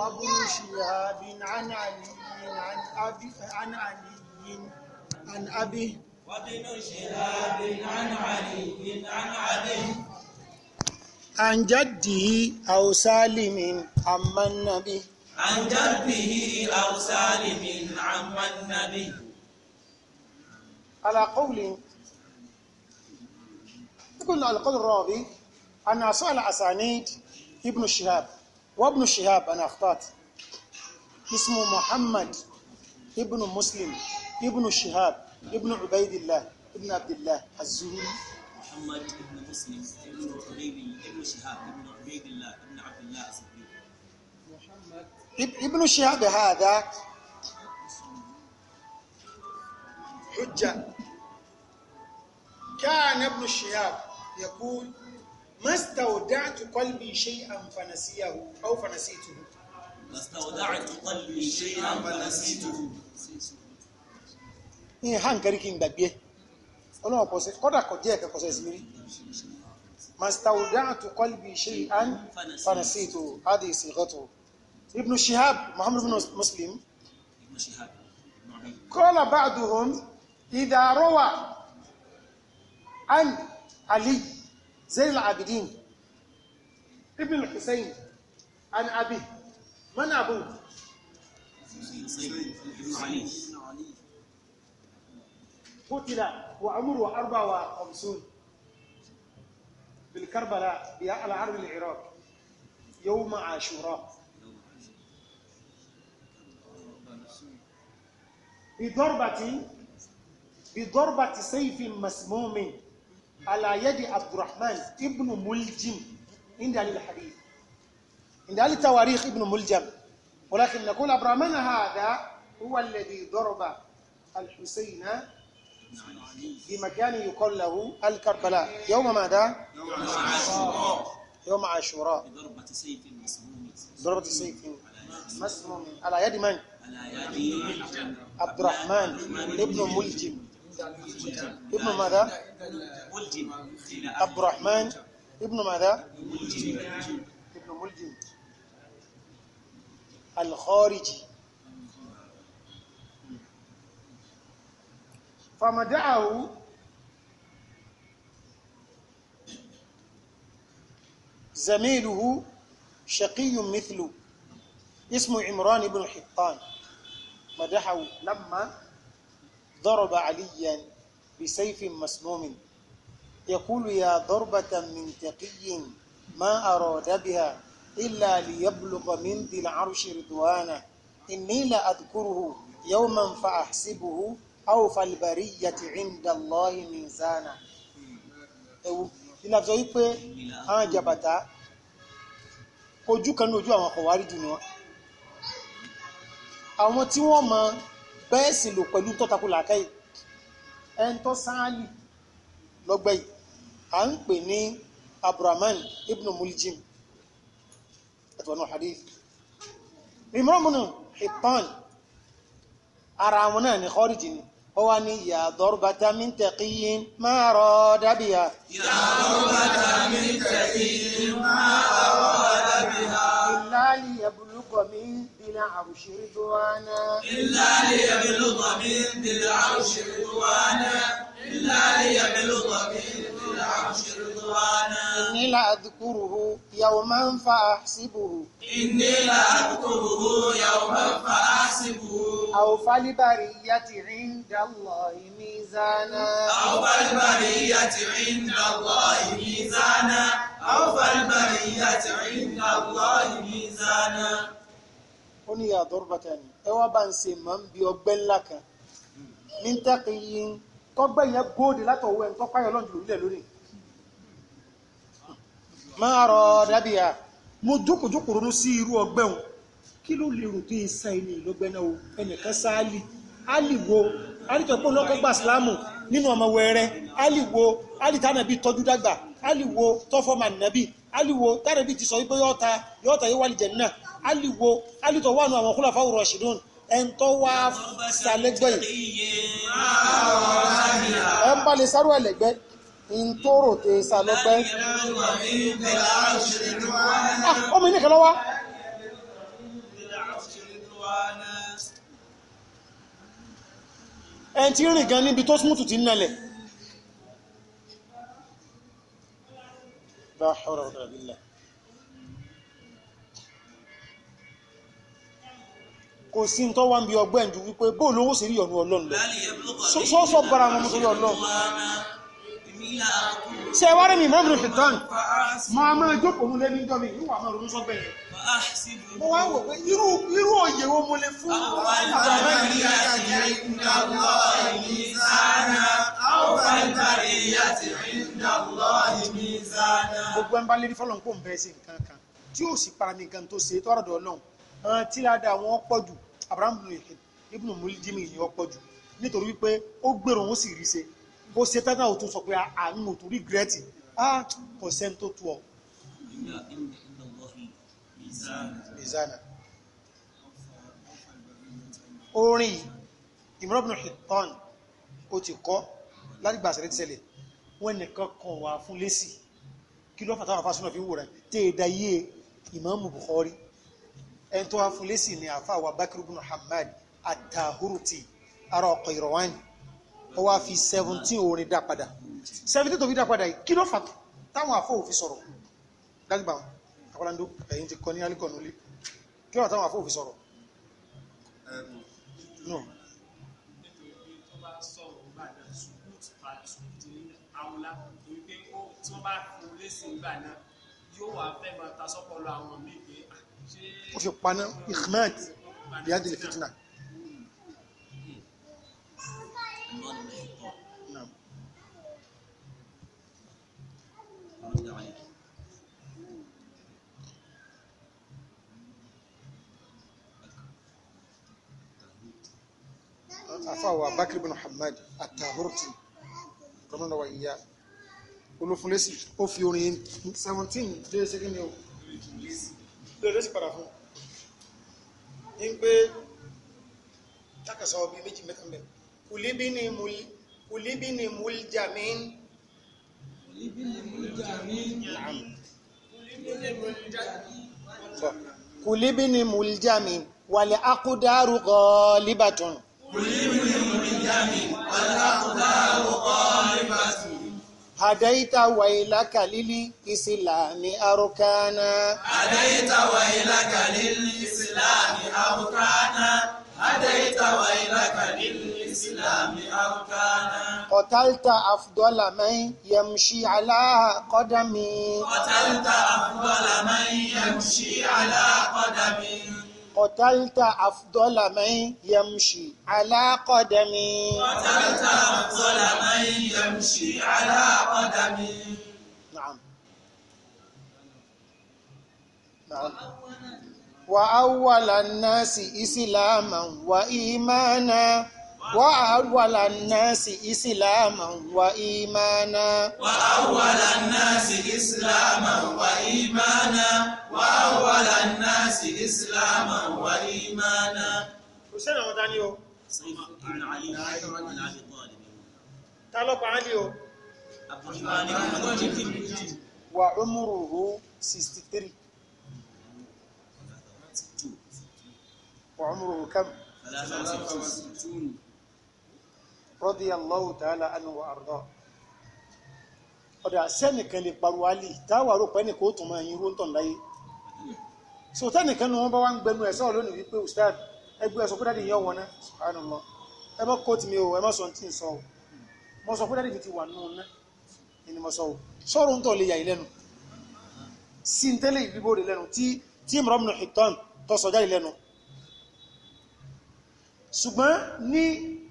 وابن شهاب عن علي عن أبي عن علي عن أبي وابن شهاب عن علي عن أبي عن جده أو سالم عما النبي عن جده أو سالم عما النبي على قول يقول القول الرابي أن أصل أسانيد ابن شهاب وابن شهاب أنا أخطأت اسمه محمد ابن مسلم ابن شهاب ابن عبيد الله ابن عبد الله الزهري محمد ابن مسلم ابن عبيد ابن شهاب ابن عبيد الله ابن عبد الله الزهري محمد ابن شهاب هذا حجة كان ابن الشهاب يقول mastawda'tu qalbi shay'an fanasiyahu aw fanasituhu mastawda'tu qalbi shay'an fanasituhu ní hankari kí n gbàgbé ọlọ́wọ́ kọsẹ̀ kọ́dà kọ̀ díẹ̀ kẹ́kọ̀ọ́sẹ̀ sí rí mastawda'tu qalbi shay'an fanasituhu hadhihi sighatuhu ibn shihab muhammad ibn muslim ibn shihab قال بعضهم إذا روى عن علي زين العابدين ابن الحسين عن أبيه من أبوه؟ قتل وعمره 54 بالكربلاء على عرض العراق يوم عاشوراء بضربة بضربة سيف مسموم على يد عبد الرحمن ابن ملجم عند أهل الحديث عند أهل التواريخ ابن ملجم ولكن نقول عبد الرحمن هذا هو الذي ضرب الحسين في مكان يقال له الكربلاء يوم ماذا؟ يوم عاشوراء يوم عاشوراء ضربة سيف مسموم ضربة سيف مسموم على يد من؟ على يد عبد الرحمن ابن ملجم ابن ماذا؟ عبد الرحمن ابن ماذا؟ ابن ملجم الخارجي فمدعه زميله شقي مثله اسمه عمران بن حطان مدحه لما ضرب عليا بسيف مسموم يقول يا ضربة من تقي ما أراد بها إلا ليبلغ من ذي العرش رضوانه إني لأذكره يوما فأحسبه أو فالبرية عند الله ميزانا ewu ilé àfisọ àwọn ìjàbàtà ojú kan ní ojú àwọn ọkọ̀ wárí jù ní wọn àwọn tí wọ́n mọ bẹ́ẹ̀ sì lò pẹ̀lú tọ́takù làákàyè ẹ̀ńtọ́ sáálì lọ́gbẹ́ yìí à ń pè ní abdulrahman ibn muljim ẹ̀tọ́nù hadith ìmọ̀mùnù hibban ara àwọn náà ní kọ́rìjì ni ó wá ní ìyá dọ́rùbátà mi ń tẹ̀kí yín máa rọ dábìyà. ìyá dọ́rùbátà mi ń tẹ̀kí yín máa rọ dábìyà. ìlàlì ẹ̀bùlùkọ̀ mi. العرش رضوانا إلا ليبلغ من ذي العرش رضوانا إلا ليبلغ من ذي العرش رضوانا إني لأذكره يوما فأحسبه إني لا أذكره يوما فأحسبه أو فالبرية عند الله ميزانا أو فالبرية عند الله ميزانا أو فالبرية عند الله ميزانا ó ní ìyá àdọ́rùbátà ni ẹ wá bá ń ṣe máa ń bi ọgbẹ́ ńlá kan ní tẹ́kì yín tọ́gbẹ́ yẹn gbóòdì látọ̀wọ́ ẹni tọ́pá yẹn lọ́njù lórílẹ̀ lónìí. máa rọ dábì ya mo jókòó ronú sí irú ọgbẹ́ wọn kí ló lè rò tó yẹ sá ẹni ìlọgbẹ́ náà o ẹnìkan sá á lì á lì wo á lì tọ́ pé olóko gbà sílámù nínú ọmọ wẹrẹ á wo á tánàbí tọ́jú dàgbà á wo tọ́fọ́ mànàbí aliwo tánàbí ti sọ wípé yọ́ta yọ́ta yóò wà lè jẹ̀nà aliwo alitọ̀ wà nù àwọn kúlà fáwọn rọ̀ṣìdún ẹ̀ńtọ́ wà sàlẹ́gbẹ̀ ẹ̀ ń bá lè sáró ẹ̀lẹ́gbẹ́ ntoro tè sàlẹ́gbẹ́. ọmọ yìí nìkan lọ́wọ́. ẹ̀ ń ti rìn gan níbi tó smooth ti ń nalẹ̀. لا حول ولا قوة إلا بالله kò sí ń tọ́ wá ń bi ọgbẹ́ ìjú wípé bóòlù owó sì rí ọ̀nù ọlọ́run lọ sọ́sọ́ bara wọn mọ́tò ọlọ́run ṣe wá rí mi mọ́bìnrin fìtán máa máa jókòó mú lẹ́ni jọ́ mi ìwà máa ronú sọ́gbẹ́ yẹn mo wá wò pé irú irú òye wo mo lè fún un. àwọn ìgbàlódé àti ìgbàlódé ìmísánà àwọn ìgbàlódé àti ìgbàlódé ìmísánà. gbogbo ẹ̀ ń bá lérí fọlọ́n kó ń bẹ́ẹ̀ sí nǹkan kan tí yóò sì para nìkan tó ṣe tọ́rọ̀ dọ̀ náà hàn tí ládàá wọn pọ̀ jù abraham ibùdó múlídìmí ni wọ́n pọ̀ jù nítorí wípé ó gbèrò wọn sì rí ṣe bó ṣe tẹ́tà ò tún sọ pé àánú ah, ò tún rí gírẹ́tì ah, kò sẹ́ni tó tu ọ mizana orin ìmọ̀rọ̀bùnú Hittan ó ti kọ́ láti gbà sẹ̀rẹ̀ tẹ́lẹ̀ wọ́n nìkan kan wà fún lẹ́sì kí ló fàtàwà fásúnà fi wòrán tẹ́ ẹ̀dá yé Imamu Bukhari ẹni tó wà fún lẹ́sì ni àfa wa Bakr ibn Hamad At-Tahuruti ara ọkọ̀ ìrọ̀wáyìn ó wá fi seventeen orin dá padà seventeen tó fi dá padà kí ló fàtàwà fọ́ òfin sọ̀rọ̀ dájú báwọn ọ̀làndó ẹ̀yìn ti kọ ní alikọ̀nù lé kí wọ́n táwọn afọ́fin sọ̀rọ̀. ó fi paná ihmed bíádìlì fitna. نعم. àfàwọ̀ abakir bin hamad àtàhùrùtì kọ́nọ́nà wà yíyá olófúnlẹ́sì ó fi orin seventeen lé ṣẹ́gi ni o lé lẹ́sì padà fún un ń gbé takasa ọbí méjì mẹ́ta mẹ́ kùlíbí ni muljamin. kùlíbí ni muljamin. kùlíbí ni muljamin. kùlíbí ni muljamin wàlẹ̀ akúdàrú gọ́ọ́líbàtún. kùlíbí. والدم والأقدار قاربة هديت ويلك للإسلام أركانا هديت ويلك للإسلام أركانا هديت ويلك للإسلام أركانا قتلت أفضل من يمشي على قدمي قتلت أفضل من يمشي على قدمي قتلت أفضل من يمشي على قدمي قتلت أفضل من يمشي على قدمي نعم نعم وأول الناس إسلاما وإيمانا وأول الناس إسلاما وإيمانا وأول الناس إسلاما وإيمانا وأول الناس إسلاما وإيمانا حسين رمضان يو سيف بن علي بن أبي طالب تعلق علي يو عبد وعمره 63 وعمره كم 63 radiyallahu ta'ala anhu wa arda ọ̀dà sẹ́nìkan lè parọ́ alì táwà rò pẹ́ nìkan ó tún máa yin irú tàn láyé so tẹ́nìkan ni wọ́n bá wá ń gbẹnu ẹ̀ sọ́ọ̀ lónìí wípé ustad ẹgbẹ́ ẹ̀sọ́ pẹ́dàdì yọ wọn náà subhanallah ẹ bá kóòtù mi o ẹ má sọ tí ń sọ o mo sọ pẹ́dàdì mi ti wà nù ná ni mo sọ o sọ́ọ̀rọ̀ ń tọ̀ lè yà í lẹ́nu sí ń tẹ́lẹ̀ ìbíbó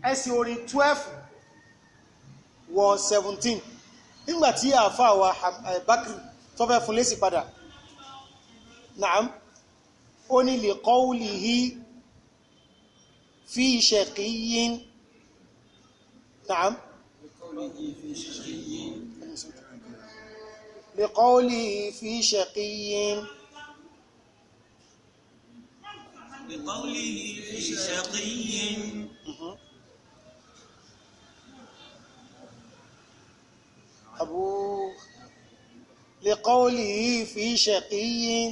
ẹsìn orin twelve wọ seventeen nígbà tí àáfàá wa Bakri tó fẹ́ fún lésì padà naam ó ní li qawlihi fi shaqiyyin naam li qawlihi fi shaqiyyin. لقوله في شقي أبو لقوله في شقي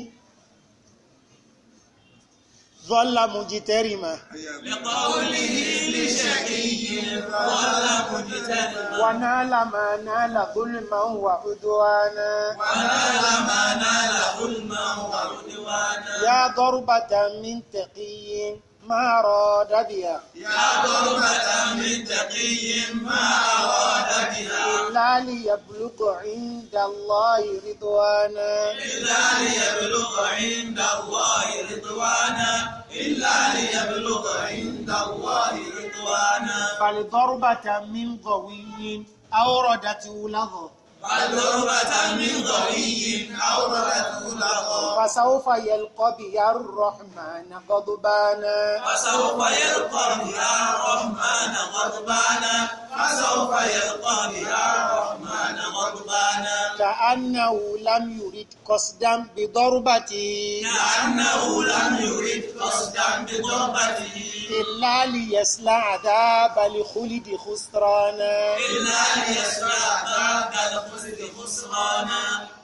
ظل مجترما لقوله لشقي ظل مجترما ونال ما نال ظلما وعدوانا ونال ما نال ظلما وعدوانا يا ضربة من تقي ما أراد بها يا ضربة من تقي ما أراد بها إلا ليبلغ عند الله رضوانا إلا ليبلغ عند الله رضوانا إلا ليبلغ عند الله رضوانا فلضربة من قوي أوردته لظى فضربة من ضري أو مبلغ فسوف يلقى بيار الرحمن غضبانا فسوف يلقى بيار الرحمن غضبانا فسوف يلقى بيار الرحمن غضبانا كأنه لم يرد قصدا بضربتي، كأنه لم يرد قصدا بضربتي. إلا ليصلى عذاب الخلد خسرانا إلا ليصلى عذاب الخلد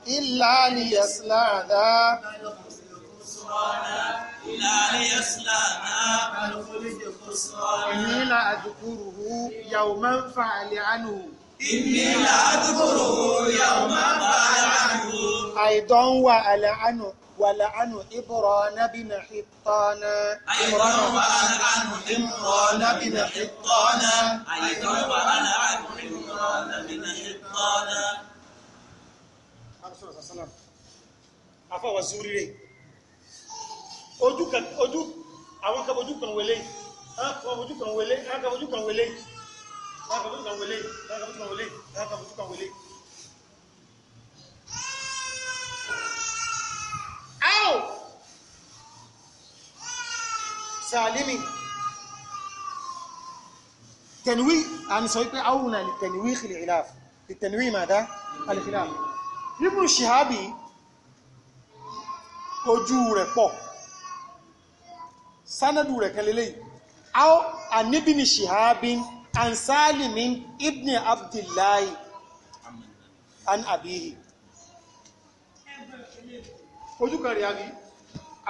إلا ليصلى ذا إني لا أذكره يوما فعل عنه إني لا أذكره يوما فعل عنه أيضا وألعنه ولعن إبران بن حطان إبران وأنا عنه إمران بن حطان أيضا وأنا عنه إمران بن حطان رسول الله صلى الله عليه وسلم àfọwọ́ zúrí rẹ̀ ojú kan ojú àwọn kan ojú kan wẹ̀lẹ̀ ojú kan wẹ̀lẹ̀ ojú kan wẹ̀lẹ̀ ojú kan wẹ̀lẹ̀ ojú kan wẹ̀lẹ̀ o sàlímì tẹ̀nìwí àmì sọ wípé awùnà lè tẹ̀nìwí ìkìlẹ̀ ìlàf lè tẹ̀nìwí màdá alìkìlàf Ibn Shihabi ojú rẹ̀ pọ̀ sanadu rẹ̀ kẹlẹ́lẹ́ yìí aw anibini Shihabin ansalimin ibn Abdillahi an abihi ojú kan rí àbí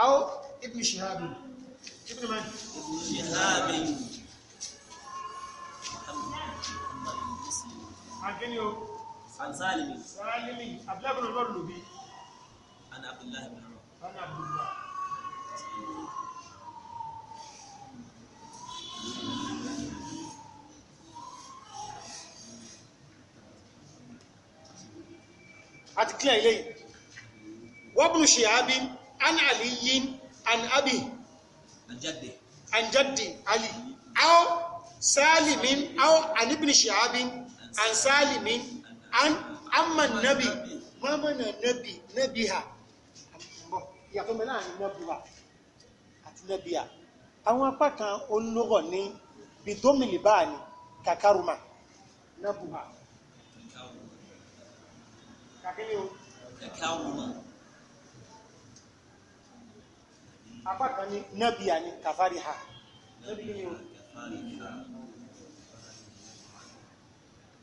àó ibn shihabi ibn man shihabi akíní o sálímì sálímì abdullahi bin umar lubi ana abdullahi bin umar ana abdullahi àti clear وابن شهاب عن علي عن أبي عن جدي عن جدي علي أو سالم أو عن ابن شهاب عن سالم عن أما النبي ما من النبي نبيها yàtọ̀ mẹ́lá ní nẹ́bùrà àti nẹ́bíà àwọn apá kan olóró ní bìdómìlì báà ní kàkàrùmà nẹ́bùrà kàkàrùmà apá kan ní nábì àní kàfárí ha nábì kí o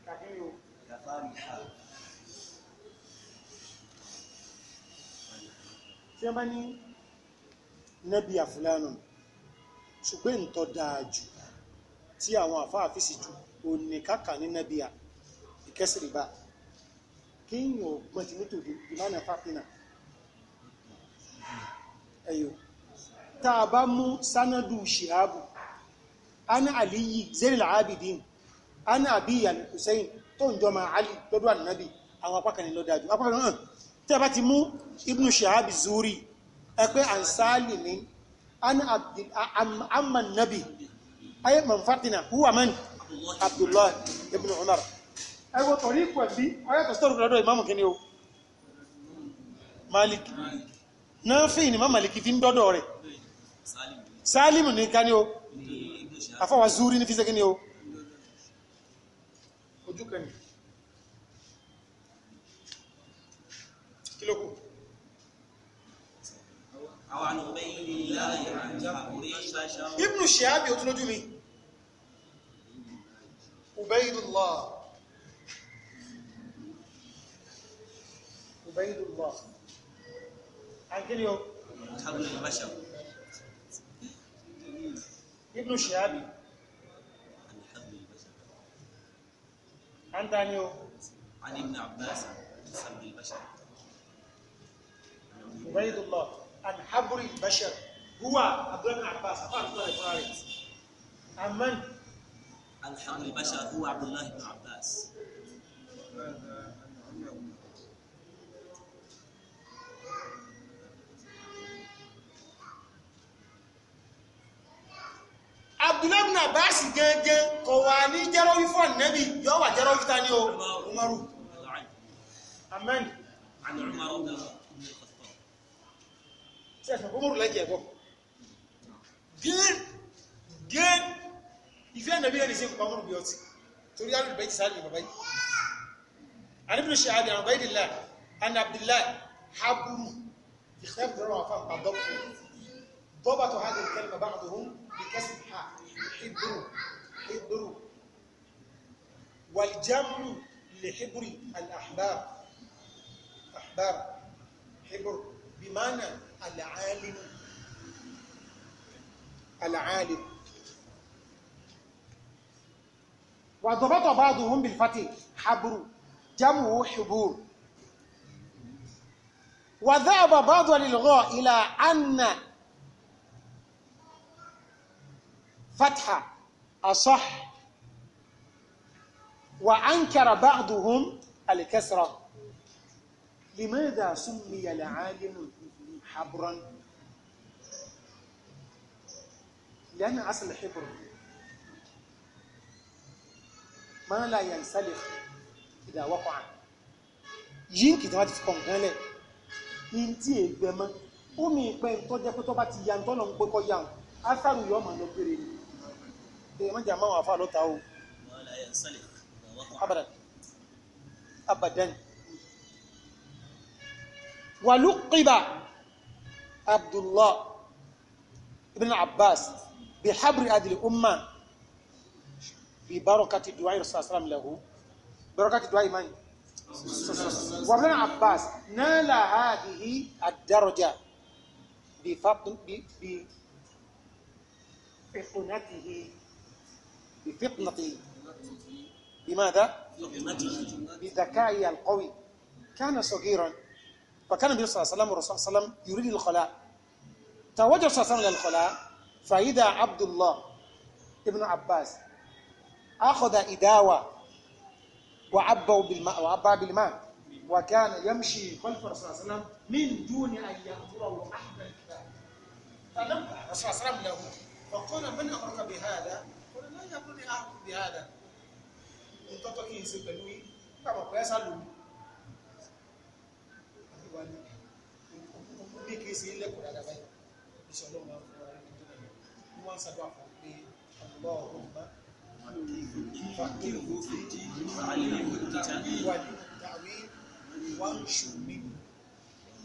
kàkiri o kàfárí ha tí wọ́n bá ní nábì àfúlánù ṣùgbọ́n ìtọ́ dáa jù tí àwọn àfáàfíìsì jù òní kàkà ní nábì à ìkẹsìrì bá kéèyàn ọgbọ́n ti nítorí ìmánà fápínà ẹ̀yọ́ tá a bá mú sanadu shihabu ana aliyi zainul abidin ana abiyan hussein tó ń jọmọ ali lọ́dọ̀ ànábì àwọn apákanin lọ dájú apákanin hàn tẹ́ bá ti mú ibnu shihabi zuri ẹgbẹ́ ansali ni ana amman nabi ayé manfatina huwa man abdullahi ibn umar ẹgbẹ́ tọ̀rí ìpọ̀ bí ayẹ́tọ̀ sọ́rọ̀ lọ́dọ̀ imamu kí o maliki náà fi ni maliki fi ń dọ́dọ̀ rẹ̀ sálìmù ní ká ní o afọwà zúrí ní fíṣẹ́ kí ní o ojú kan ní kí ló kù ibnu ṣeábi ó tún lójú mi ubaidullah ubaidullah a kí ni o ابن شهاب عن دانيو عن ابن عباس عن البشر عبيد الله عن حبر البشر هو عبد الله بن عباس عبد الفارس عن من؟ عن حبر البشر هو عبد الله بن عباس abdullahi bin abbas gẹ́gẹ́ kò wà ní jẹ́rọ́wí fún ànábì yóò wà jẹ́rọ́wí ta ní o umaru amen sẹ́fẹ̀ umaru lẹ́jẹ̀ bọ́ gẹ́gẹ́ ìfẹ́ ànábì rẹ̀ ní sí nǹkan umaru bí ọtí torí alùpùpù bẹ́ẹ̀ ti sáré ní bàbá yìí àníbìrì ṣe àdì àwọn báyìí dìlá àni abdullahi haburu ìfẹ́ bẹ̀rẹ̀ wà fún àpàdọ́kùn ضبط هذه الكلمة بعضهم بكسب حاء حبر حبر والجمع لحبر الأحبار أحبار حبر بمعنى العالم العالم وضبط بعضهم بالفتح حبر جمع حبور وذهب بعض الإلغاء إلى أن فتحة أصح وأنكر بعضهم الكسرة لماذا سمي العالم حبرا لأن أصل حبر ما لا ينسلخ إذا وقع yínkì tí wọ́n ti fi kọ̀ǹkan lẹ̀ ní tí ègbẹ́ mọ́ ó mi ìpẹ́ ń tọ́jẹ́ pé tó ti ya ń tọ́nà ń pé kọ́ ya ń afárù ọmọ lọ gbére ni pé ẹ má jà máwọn àfa lọ́ta o abadan abadan wàlúkìbà abdullah ibn abbas bi habri adìlẹ̀ umma bi barakati duwa irisa asalam lahu barakati duwa imani وابن عباس نال هذه الدرجة بفضل بإحنته بفطنتي بماذا؟ بذكائي القوي كان صغيرا فكان النبي صلى الله عليه وسلم والرسول صلى الله عليه وسلم يريد الخلاء توجه صلى الله عليه وسلم للخلاء فإذا عبد الله ابن عباس أخذ إداوة وعبوا بالماء وعبى بالماء وكان يمشي خلف الرسول صلى الله عليه وسلم من دون أن يأمره أحد فلم فلما الرسول صلى الله عليه وسلم له فقال من أمرك بهذا؟ yàgò ní àrùn ìdí àdá ìtọ́tọ́ kí n ṣe pẹ̀lú yìí káàmọ̀ pẹ́ sá lòun àríwá ní ọkùnkùn bí kìí ṣe ilẹ̀ kọ̀ dáadáa báyìí iṣẹ́ ọlọ́run máa ń fún wa ní tó nàìjíríà wọ́n máa ń ṣàdúrà fún pé ọlọ́ ọ̀hún bá fàkíhù fèjì fàálìhù tàbí wàlú tàbí wọ́n ṣù mí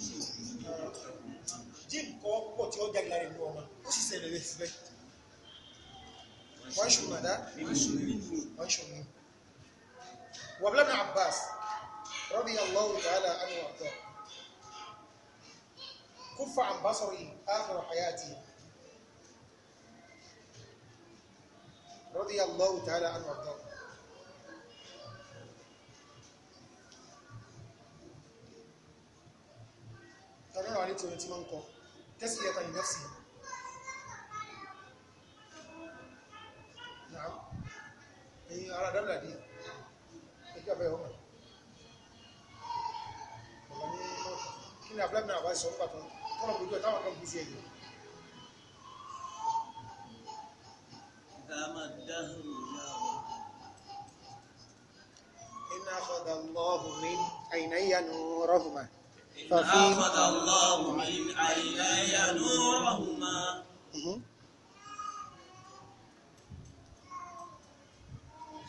jí nǹkan pọ̀ tí ó jáde lára ìlú ọmọ ó sì ṣẹlẹ̀ lẹ́sibẹ̀. One should mother, one should live, one should move. وابن ابن عباس رضي الله تعالى عنه وارضاه كف عن بصري آخر حياتي رضي الله تعالى عنه وارضاه تمام عليه تمام تمام تسلية لنفسه ẹ̀yin ara dábìlàdí ẹjọ́ abẹ́ ọmọ ọ̀gá ní kí ni abúlé náà wá sọ nípa tó tọ́nà gbogbo ẹ̀ táwọn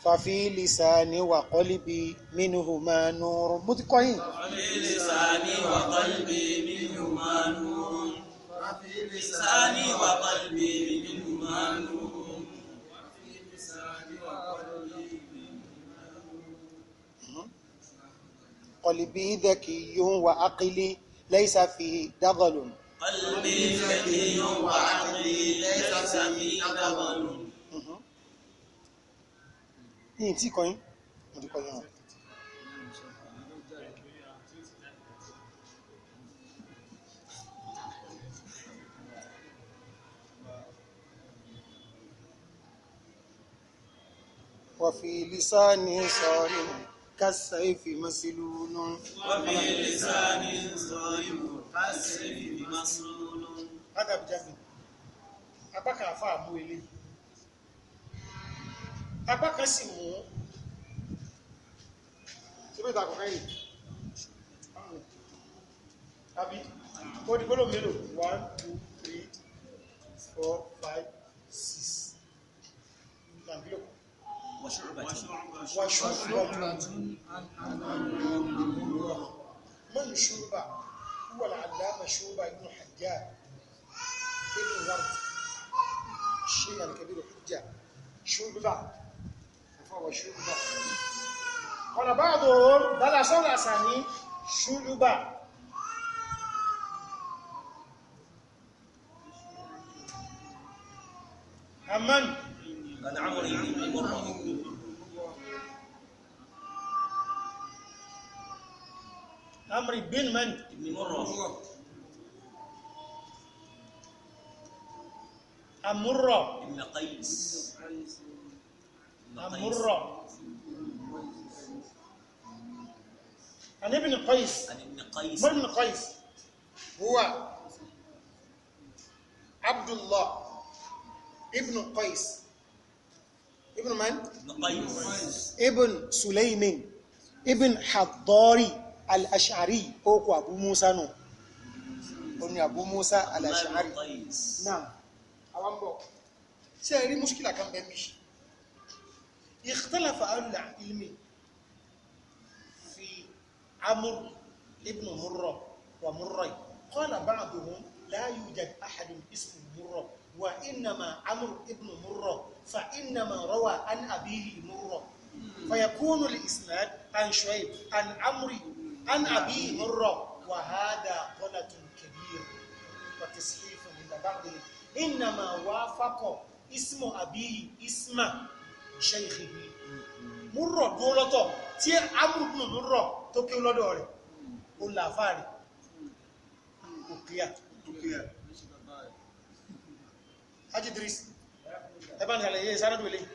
ففي لساني وقلبي منهما نور مذكرين ففي لساني وقلبي منهما نور ففي لساني وقلبي منهما نور وفي لساني وقلبي منهما قلبي ذكي وعقلي ليس فيه دغل قلبي ذكي وعقلي ليس فيه دغل yìí tí kọ́ yín mo ti kọ́ yín hàn. وفي لساني صار كالسيف مسلول وفي لساني صائم كالسيف مسلول هذا بجد أبكى فاهم إليه apá kan sì mú síbí ìta kọ̀ọ̀kan yìí àbí ó di gbọ́dọ̀ mélòó one two three four five six nàbí lọ. wàṣọ من شوبة هو العلامة شوبة ابن حجاج ابن ورد الشيخ الكبير حجاج شوبة وشعبة قال بعضهم بل صلى سني شعبة همن عن عمرو بن مرة عمرو بن من؟ بن مرة أمرة بن قيس مرة طيب. عن ابن قيس عن ابن قيس ابن قيس هو عبد الله ابن قيس ابن من؟ ابن قيس ابن سليم ابن حضاري الأشعري أوكو أبو موسى نو ابن أبو موسى الأشعري نعم أوامبو سيري مشكلة كان بمشي اختلف أهل العلم في عمرو ابن مرة ومري قال بعضهم لا يوجد أحد اسمه مرة وإنما عمرو ابن مرة فإنما روى عن أبيه مرة فيكون الإسناد عن شعيب عن عمرو عن أبيه مرة وهذا غلط كبير وتصحيح عند بعضهم إنما وافق اسم أبيه اسمه ṣẹ́yìí mú rọ̀ dúró lọ́tọ̀ tí amúrùbùnú ló rọ̀ tó kí lọ́dọ̀ rẹ̀ ó làáfà rẹ̀ kò kíyà. Hajj Idris ẹ bá ní àlàyé sáré dùn eléyìí.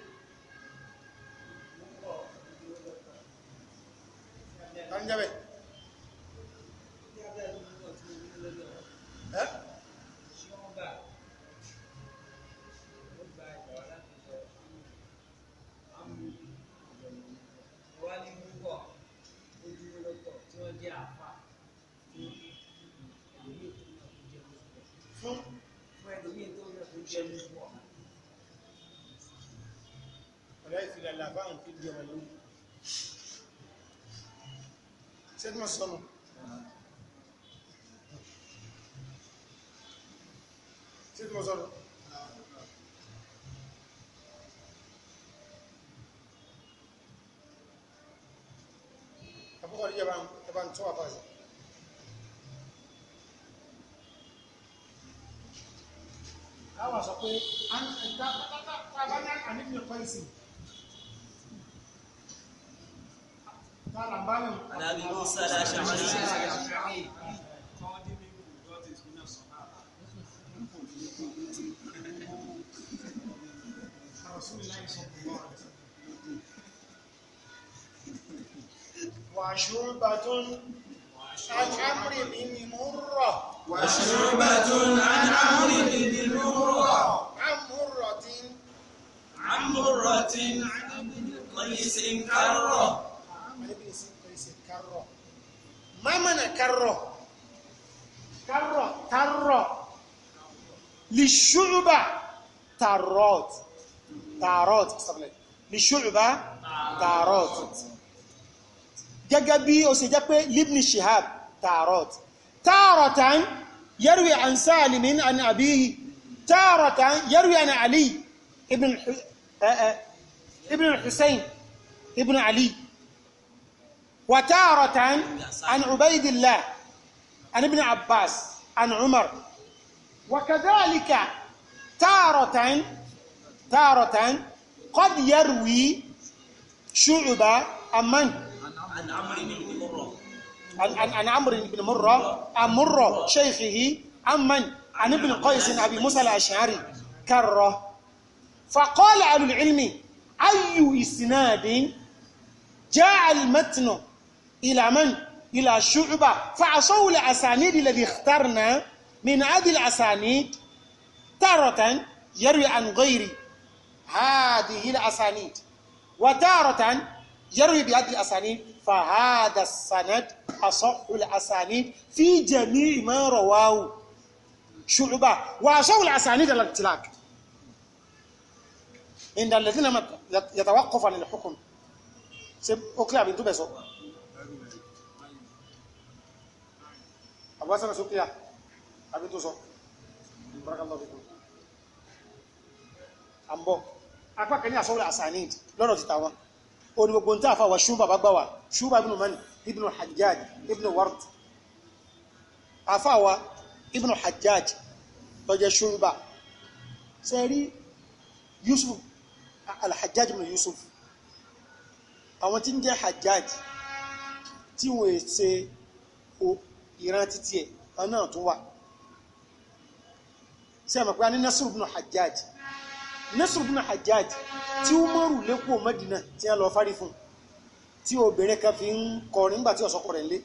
ọ̀rẹ́ ìfìlẹ̀ làbáhùn fi di ọmọ lórí ṣẹ́gbọ́n sọ́nà ṣẹ́gbọ́n sọ́nà àbúkọ̀ ìjọba ń tọ́wà fásitì a sọ pé tábáyá àníbi ẹ̀kọ́ ìsìn tára báyìí. alábi musa la ṣàmì. وشربة عن أمر من مرة وشربة عن أمر iblis karro amali iblis iblis karro ma mana karro karro tarro li shu'ba tarot tarot li shu'ba tarot gẹ́gẹ́ bí ó ṣe jẹ́ pé libni shihab tarot taratan yarwi an salimin an abihi taratan yarwi an ali ibn eh, eh, ibn ibn ali وتارة عن عبيد الله عن ابن عباس عن عمر وكذلك تارة تارة قد يروي شعبة عن من؟ عن عمرو بن مرة عن عمرو بن مرة عن مرة شيخه عن من؟ عن ابن قيس أبي موسى الأشعري كره فقال أهل العلم أي إسناد جاء المتن إلى من؟ إلى شعبة فعصوا الأسانيد الذي اخترنا من هذه الأسانيد تارة يروي عن غير هذه الأسانيد وتارة يروي بهذه الأسانيد فهذا السند أصح الأسانيد في جميع ما رواه شعبة وعصوا الأسانيد الاختلاق عند الذين يتوقف عن الحكم ṣe ó kílẹ̀ àbí tó bẹ̀ sọ àbúrásán rẹ̀ sókè àbí tó sọ àmbọ̀ apá kẹ́ni àsọ́rọ̀ àsàníd lọ́rọ̀ ti tàwọn ó ní gbogbo ntáà fáwọn ṣúbà bá gbáwà ṣúbà ibn mani ibn hajjaj ibn ward àfáwà ibn hajjaj tọ́jẹ́ ṣúbà sẹ́rí yusuf alhajjaj ibn yusuf àwọn tí ń jẹ́ hajjaj tí wọ́n ṣe ìran títí ẹ̀ wọn náà tún wà mọ̀ pé a ní nasiru ibn Hajjaj Nasr ibn Hajjaj tí Umaru lẹ́kọ̀ọ́ Mẹ́dínà tí wọ́n lọ fárí fún tí obìnrin kan fi ń kọrin nígbà tí ọ̀sọ́kọ ń lé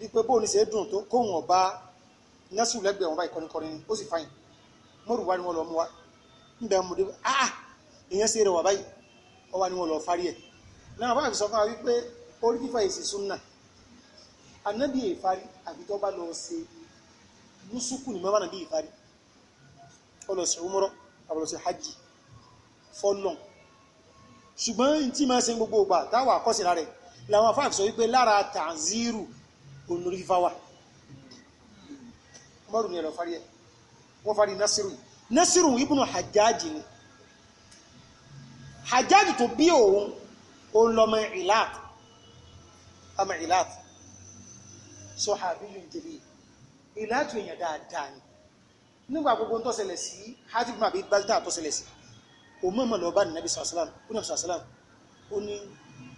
wípé bóun dùn tó kóun ọba lẹ́gbẹ̀ẹ́ wọn kọrin ó sì fàyìn wá ni ah ṣe rẹ̀ wà báyìí ọ wá ni wọ́n lọ náà bá fi sọ fún wa wípé orí fífà èsì súnà anábì ìfarí àbí tó bá lọ ṣe lúsùkù ní mọ́bànà bí ìfarí ó lọ sí umrọ àbí lọ sí hajj fọlọ́n ṣùgbọ́n n tí máa ṣe gbogbo ìgbà táwọn àkọsílá rẹ̀ làwọn afáàfi sọ wípé lára tàǹzírù onórí fífà wà mọ́rùn ni ẹ̀rọ fárí ẹ̀ wọ́n fárí nasiru nasiru ibùnú hajjáàjì ni hajjáàjì tó bí òun ó ń lọ́mọ ìlàt ọmọ ìlàt sọ́hábíyù jẹ̀lì ìlàtù èèyàn dáadáa ni nígbà gbogbo tó ṣẹlẹ̀ sí hajjib mabi balta tó ṣẹlẹ̀ sí o mọ́mọ́ lọ bá ní nàbí sàlám ó ní sàlám ó ní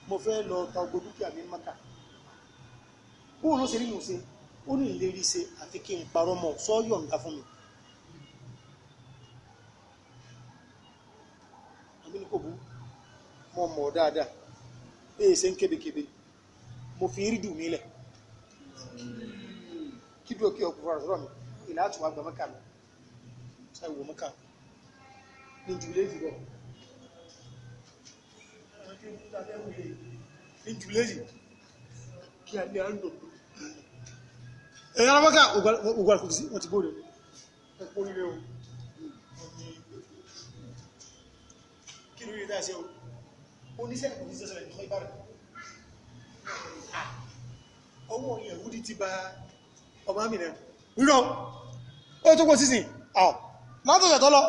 mo fẹ́ lọ ta ogbó dúkìá mi mọ́ta bóun ló ṣe rí mi ṣe ó ní ìlérí ṣe àfi kí n parọ́ mọ́ sọ́ọ́yọ̀ nǹkan fún mi àmì ní kò burú mo mọ̀ ọ́ dáadáa bẹ́ẹ̀ ṣe ń kébékébé mo fi rídù mi lẹ̀ kí dúró kí ọkùnrin ọ̀rọ̀ sọ̀rọ̀ mi ìlà àtúwà gbà mẹ́ka mi ṣáà wò mẹ́ka ní ìjùlẹ̀ yìí bọ̀ ní kí a ní àndò ẹ̀yà alábọ́ká ògbà kò sí wọ́n ti bóde ẹ̀kọ́ oríire o kí ni oríire dáa ṣe o oníṣẹ́ kò ní sẹ́sẹ̀ rẹ̀ ní ìbára ọwọ́ yẹ̀wúdí ti ba ọmọ mi náà rírọ ó tó kó sísìn ọ̀ látọ̀sẹ̀ tọ́lọ́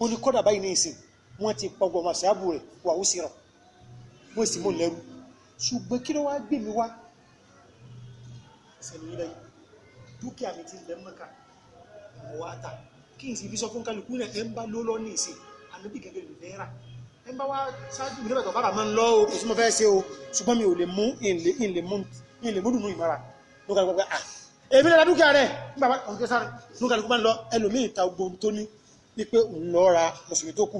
ó ní kọ́dà báyìí ní ìsìn wọ́n ti pọ̀gbọ̀ ọmọ ṣáàbù rẹ̀ wà ó sì rọ̀ wọ́n sì mú lẹ́rú ṣùgbọ́n kí ló wá gbé mi wá sẹ́ni ilẹ̀ dúkìá mi ti lẹ́ mọ́ka mọ́ wá ta kí n sì fi sọ fún kálukú náà ẹ̀ ń bá ló ní ìsìn ànábì gẹ́gẹ́ lù fẹ́ rà ẹ bá wá ṣáájú mi nígbà tó bára máa ń lọ o kò sí mo fẹ́ ṣe o ṣùgbọ́n mi ò lè mú ìlè mú dùnú ìmọ̀ra ló kàlùkù pé à èmi lọ́la dúkìá rẹ̀ nígbà bá ọ̀gá sáré ló kàlùkù máa ń lọ ẹlòmíì ta ogun tó ní wípé òun lọ ra mùsùlùmí tó kù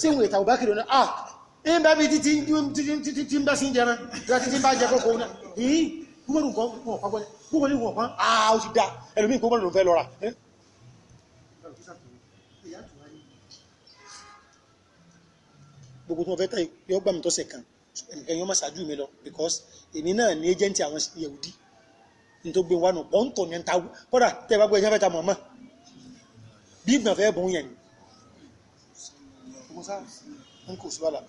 ṣé òun ìta òbá kiri ọ̀nà à ń bá mi títí títí ń bá sí jẹran ìgbà títí ń bá jẹ kókó náà yìí gbogbo nǹkan wọn ò pa gbọ́dọ̀ gbogbo nǹkan wọn ò pa á ó ti da ẹlòmíì gbogbo nǹkan fẹ́ lọ ra gbogbo tí wọ́n fẹ́ tà yọ gbà mí tọ́sẹ̀ kan ẹnìkan yọ máa ṣáájú mi lọ because èmi náà ní agent àwọn yahudi ní tó gbé wánu bọ́n tọ̀ ní ta kódà tẹ́ ẹ bá gbé ẹjẹ́ fẹ́ ta mọ̀ọ́mọ́ bí ìgbà fẹ́ bọ̀ ń yẹn ni. ọmọ sáà ń kò sí wàhálà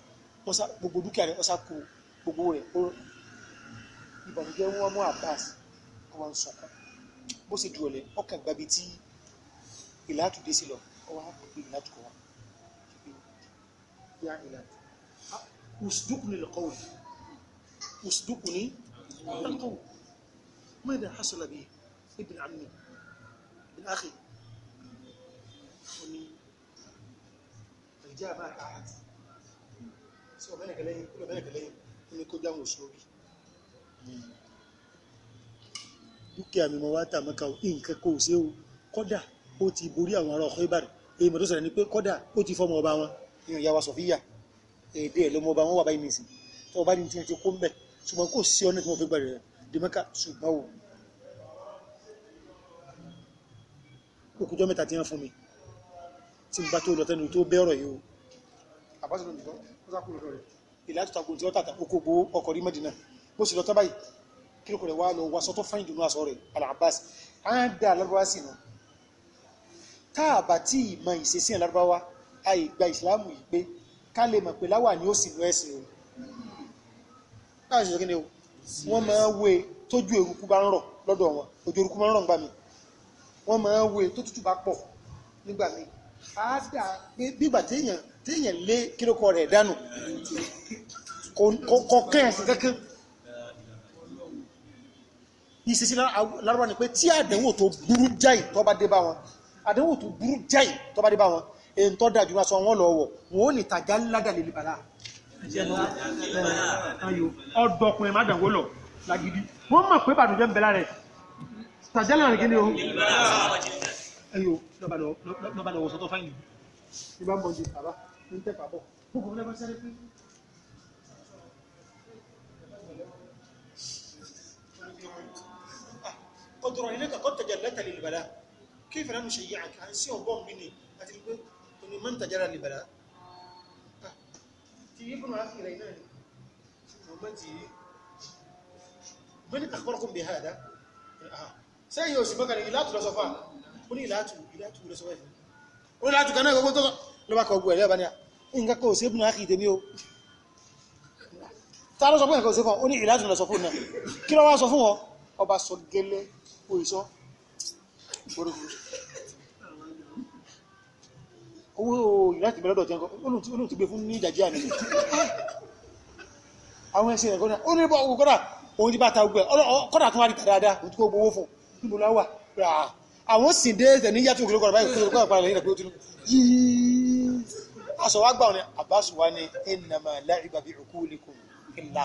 gbogbo dúkìá rẹ̀ ọ̀sà kò gbogbo rẹ̀ ìbànújẹ́ wọn mú Abbas ọwọ́ ń sọ̀kọ́ bó ṣe dùọ̀lẹ́ ọkàn gbabi tí ìlàtúndé sí lọ ọwọ́ ìlàtúkọ̀ wá ìlàtú usdukni alqawl usdukni alqawl ماذا حصل به ابن عمي ابن أخي وني فجاء معك أحد سوى بينك ليه كل بينك ليه وني كل جامع وسلوبي dúkìá mi mo wá tà mọ́ka nǹkan kò ṣe o kọ́dà ó ti borí àwọn ará ọ̀kọ́ ìbàdàn èyí mọ̀ tó sọ̀rọ̀ ni pé kọ́dà ó ti fọmọ ọba wọn ìyàn ìyá sọ̀fíyà èdè ẹ̀ ló mọ ọba wọn wà báyìí nìsín tó ọba ní tiẹ̀ ti kó mbẹ̀ ṣùgbọ́n kò sí ọ̀nà tí wọ́n fi gbà rẹ̀ dèmẹ́kà ṣùgbọ́n o òkùjọ́ mẹ́ta ti hàn fún mi tí n bá tó lọ tẹnu tó bẹ́ ọ̀rọ̀ yìí o. àbáṣe lónìí kan ó sá kúrò lọ́rẹ̀. ìlà àtúntà kò tí ó tàtà oko gbowó ọkọ̀ rí mẹ́dínà bó sì lọ tán báyìí kílókò rẹ̀ wá lọ wá sọ́tọ́ fáyìn dùnú àṣọ rẹ̀ al á ń dá alárúbáwá sí nu. tá a bá tí ì mọ ìṣesí alárúbáwá àìgbà ìsìlámù yìí pé ká lè mọ̀ pé láwà ní ó sì lọ ẹ̀sìn o káàṣì ṣe kí ni o wọ́n máa wé tójú eruku bá ń rọ̀ lọ́dọ̀ wọn ojú eruku máa ń rọ̀ nígbà mi wọ́n máa wé tó tútù bá pọ̀ nígbà mi á dà pé bígbà téèyàn téèyàn lé kírókọ rẹ̀ dànù kò kẹ́yìn sí kankan ìṣesí lárúbá ni pé tí àdánwò tó burú jáì tó bá dé bá wọn àdánwò tó burú jáì tó bá dé bá wọn èyí tó dájú aṣọ wọn lọ wọ̀ wọn ò ní tajà ládàlẹ̀ ìbàlá. ọ̀dọ̀kùnrin má dàgbò lọ lágídí wọ́n mọ̀ pé bàdújẹ́ ń bẹ lára ẹ̀ tajà lẹ́rìn kí ni o. ẹyọ lọ́ba lọ wọ̀sọ̀ tó fáyìn nìyí. ìbá mọ̀ ju bàbá ń tẹ̀ pàbọ̀. قدر عينك قد تجلت للبلاء كيف لا نشيعك عن سوى بوم مني هتلقى ni mọ́n tàjára lè bàrá ti yí bùnà áfìrà ni ọmọ ti yí mọ́ni àkọ́rọ̀kún bí hàdá sẹ́yìn òsì bọ́kà ní la lọ sọfà ó ní ìlàtù ìlàtù lọ sọfà ìfẹ́ ó tu kaná gbogbo tó lọ bá kọ gbogbo ẹ̀lẹ́bà ní à nǹkan kò sí bùnà áfìrà tèmi o ta ló sọ pé nǹkan kò sí fún ọ ó ní ìlàtù lọ sọ fún ọ kí ló wá sọ fún owó united bẹ̀rẹ̀ dọ̀tí ẹ̀kọ́ olùn ti gbé fún ní ìdajì àná àwọn ẹ̀sìn ẹ̀kọ́ náà ó ní bọ́ owó kọ́dà òun ti bá ta gbẹ kọ́dà tó wà ní tàdáadá òun ti kó gbowó fún níbo láwà àwọn sì dé ẹsẹ̀ ní yàtọ̀ òkèlè kọ́dà báyìí kó kọ́dà parẹ́ lẹ́yìn ìdàgbé yìí aṣọ wa gbà wọn ni Abbas wa ni innama la'iba bi uqulikum illa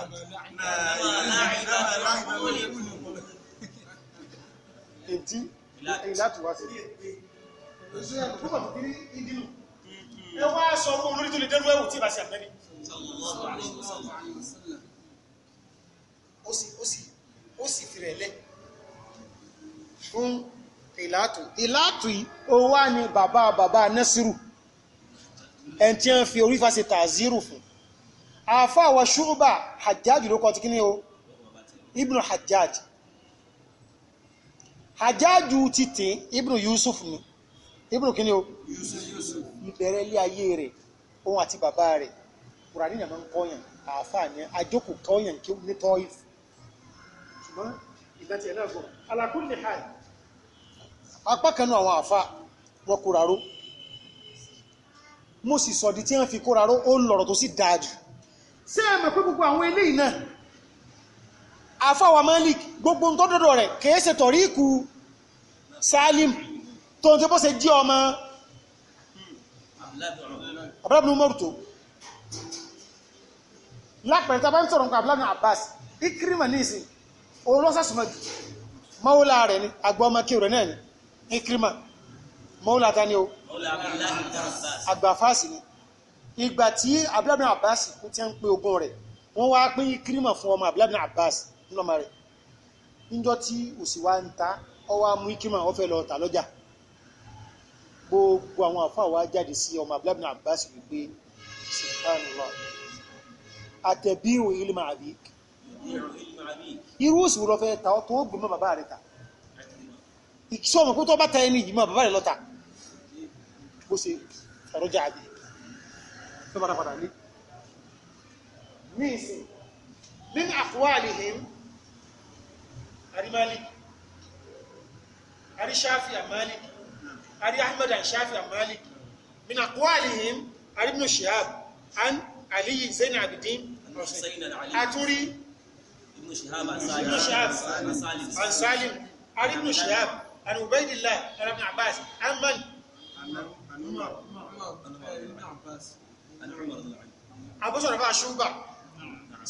ètí ìlàtúwàsí ẹ wá sọ pé olórí tó lè dẹ́rù ẹ̀wù tí ìbá sí àbẹ́ni ó sì fi rẹ̀ lẹ́ fún ìlàtù ìlàtù yìí ó wá ní bàbá bàbá nẹ́sìrù ẹn tí wọ́n fi orí fásitì tàzírù fún àfọ́ àwọn ṣúgbà hajjáàjì ló kọ́ ti o ibnu Hajjaj Hajjaj ti tè ibnu yusuf ni ibùdó kí ni o ìbẹ̀rẹ̀ ilé ayé rẹ̀ òun àti bàbá rẹ̀ kùránì yàn máa ń kọ́yàn àáfàá yẹn àjókòó kọ́yàn kí ní tọ́yì. ṣùgbọ́n ìgbà tí ẹ náà gbọ́ alákùnrin ní hàn. apá kan náà àwọn àáfàá wọn kóra ró mo sì sọ̀dí tí wọ́n fi kóra ó ń lọ̀rọ̀ tó sì dáa jù. ṣé ẹ mọ̀ pé gbogbo àwọn eléyìí náà àáfàá wa Malik gbogbo ń tọ́dọ̀dọ̀ rẹ̀ kèé ṣe tọ̀rí ikú Salim tó ń tẹ́ bó ṣe jí ọmọ abúlábìnú mọ́rùtò lápẹ̀rẹ̀ tàbí sọ̀rọ̀ nǹkan abúlábìnú abbas ikirima ní ìsìn olóṣàṣùmọ̀ jù mọ́wúlà rẹ̀ ni àgbà ọmọ kí náà ni ikirima mọ́wúlà ta ni o àgbà fásì ni ìgbà tí abúlábìnú abbas kú ti ń pe ogún rẹ̀ wọ́n wá pín ikirima fún ọmọ abúlábìnú abbas ńlọmọ rẹ̀ níjọ́ tí òsì wa ń ta ọwọ́ amú ikirima wọ́n fẹ́ lọ tà lọ́jà gbogbo àwọn àfa wa jáde sí ọmọ Abdullah bin Abbas wípé subhanallah àtẹ̀bí ìwò ilma abik irú òsì wúlọ fẹ́ ta ọ́ tó ó gbọ́n bàbá rẹ̀ ta ìṣọ́mọ̀ kó tó bá ta ẹni yìí mọ́ bàbá rẹ̀ lọ́ta bó ṣe ọ̀rọ̀jà àbí tó padà padà ní. ní nínú àfúwàlì hìn arimali arishafi amali ari ahmed an shafi an malik min aqwalihim ari ibn shihab an ali zain abidin aturi ibn shihab an salim ari ibn shihab an ubaidillah an ibn abbas an man an umar abu sọ̀rọ̀ bá ṣúgbà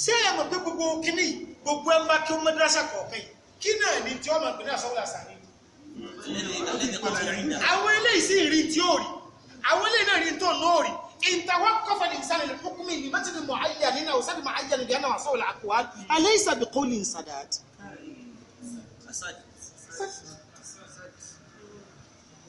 sí ẹ̀yà mọ̀ pé gbogbo kíní gbogbo ẹmbá kí ó mẹ́dásà kọ̀ọ̀kan kí náà ní tí ó mọ̀ pẹ̀lú àṣọ́wọ́lá àwọn eléyìí sì rí tí ó rí àwọn eléyìí náà rí tó náà rí ìtawọ́ kọfà ní ìsàlẹ̀ lè fún kúmí ní mẹ́tìrì mọ̀ ayé àníná ò sábì mọ̀ ayé àníná ìyáná wàásù ọ̀là àkùwá alẹ́ ìsàbí kò lè sàdáàdì.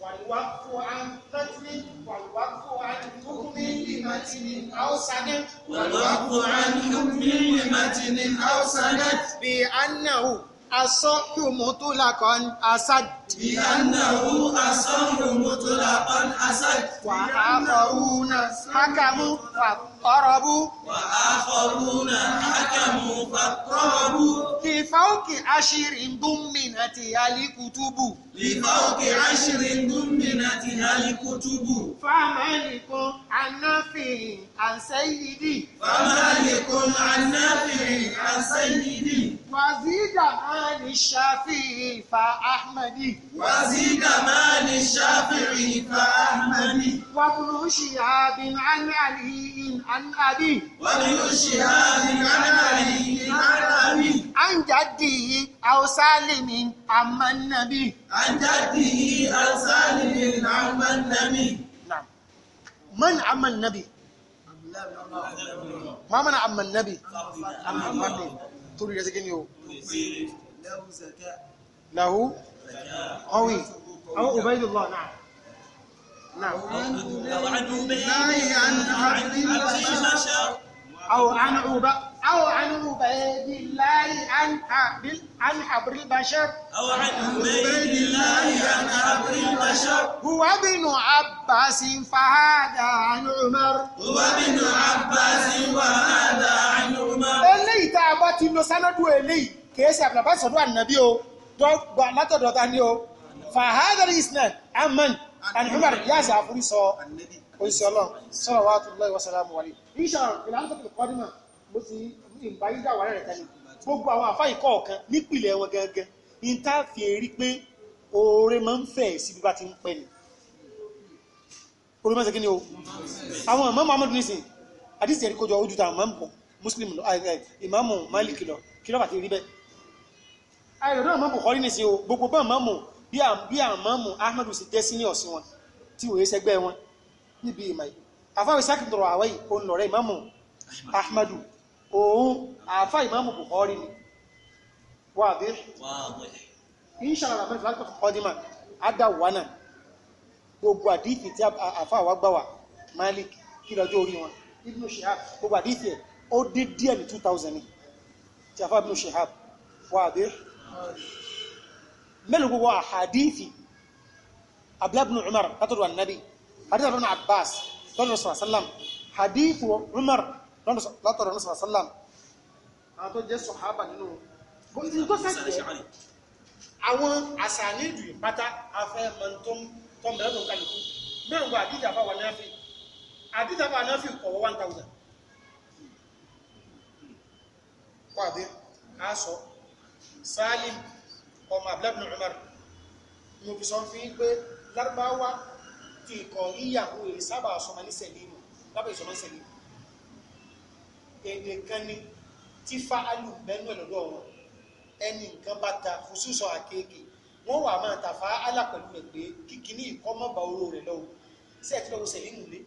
wàlúwàkú àńtẹ́tìrì wàlúwàkú àńtúkúmí ní mẹ́tìrì àwòsàn náà. wàlúwàkú àńtúkúmí ní mẹ́tìrì àwòsàn náà. bí anáwó asọ́hùn mutulakọ́n asad. ìyànnáwó asọ́hùn mutulakọ́n asad. wà á kọ̀rú na hákàmú fàkọ́rọ́bù. wà á kọ̀rú na hákàmú fàkọ́rọ́bù. lìfọ́ọ̀kì aṣírin gómìnà ti alikutubu. lìfọ́ọ̀kì aṣírin gómìnà ti alikutubu. fámánìkún anáfìrín ànsẹ́yìdì. fámánìkún anáfìrín ànsẹ́yìdì. وزيد مال الشافعي فأحمدي وزيد مال الشافعي فأحمدي وابن شهاب عن علي عن أبي وابن شهاب عن علي عن أبي عن جده أو سالم عم النبي عن جده أو سالم عم النبي نعم من عم النبي؟ ما من عم النبي؟ عم النبي طول جزاك نيو له زكاء له قوي أو عبيد الله نعم نعم أو عن عبيد أو عن عبيد أو عن عبيد أو عن عبيد الله عن عن حبر البشر أو عن عبيد الله عن حبر البشر هو ابن عباس فهذا عن عمر هو ابن عباس وهذا عن عمر eléyìí تعبت a bá ti lọ sánádù eléyìí kìí ṣe àbùnàbá sọ̀dọ̀ ànàbí o dọ́gba látọ̀dọ̀ فهذا الإسناد أمن عن عمر yá sàfúrí sọ oṣù ọlọ́run صلوات الله وسلامه عليه إن شاء الله ìlànà tó kọ́ mo sì ìgbà yín dà wàhálà rẹ̀ kalẹ̀ gbogbo àwọn àfáì kọ̀ọ̀kan nípìnlẹ̀ wọn gangan ní tá a fi rí pé oore máa ń fẹ̀ sí bí bá ti ń pẹ́ ni oore máa ń ṣe kí ni o àwọn ìmọ̀ muhammadu nisin àdìsí ẹ̀rí kọjọ ojú ta àmọ́ ń bọ̀ muslim lọ ìmáàmù malik lọ kí lọ́pàá ti rí bẹ́ẹ̀ àìrọ̀dọ́ àmọ́ bukhari nisin o gbogbo bá àmọ́mù bí àmọ́mù ahmadu sì jẹ́ sínú ọ̀sìn wọn tí wòye sẹ́gbẹ́ wọn níbi ìmọ̀ yìí àfáwẹ̀ sákìtọ̀rọ̀ àwẹ̀ yìí òun lọ̀rẹ́ ìmáàmù ahmadu òun àáfà ìmáàmù Bukhari ni wà á bẹ́ẹ̀. inṣàlá mẹ́fì láti pàtàkì kọ́dímà ádá wánà gbogbo àdìsí tí àáfà wa gbà wá Malik kí lọ́jọ́ orí wọn Ibn Shihab gbogbo àdìsí ẹ̀ ó dé díẹ̀ ní two thousand ni tí àáfà Ibn Shihab wà á bẹ́ẹ̀. mélòó gbogbo àhàdìsí Abdullah ibn Umar látọ̀dọ̀ ànábì àdìsí Abdullah Abbas lọ́dọ̀ sọ̀rọ̀ sálàm àdìsí Umar látọ̀rọ̀ ní sàlám àwọn tó jẹ́ ìlú ìpátá afẹ́ mọ̀ntọ́mọ̀lẹ́nù kálukú mẹ́rin wọ àdíjà bá wà náà fi àdíjà náà fi kọ̀wọ́ 1000 pàdé aṣọ Salim ọmọ abúlẹ́bìnú Umar mo fi sọ fi pé lárúbáwá ti ìkọ̀ yíyàwó ìsábà ọ̀sọ̀mọ̀lẹ́sẹ̀ nínú lábẹ́ ìsọ̀mọ̀lẹ́sẹ̀ èdè kan ni tí fáálù bẹ́nu ẹ̀ lọ́dọ̀ wọn ẹni nǹkan bá ta khususo àkekè wọ́n wà máa ta fáálà pẹ̀lú rẹ̀ pé kíkiní ìkọ́mọ́ba oró rẹ̀ lọ́wọ́ sí ẹ̀ tí lọ́wọ́ sẹ̀límù lé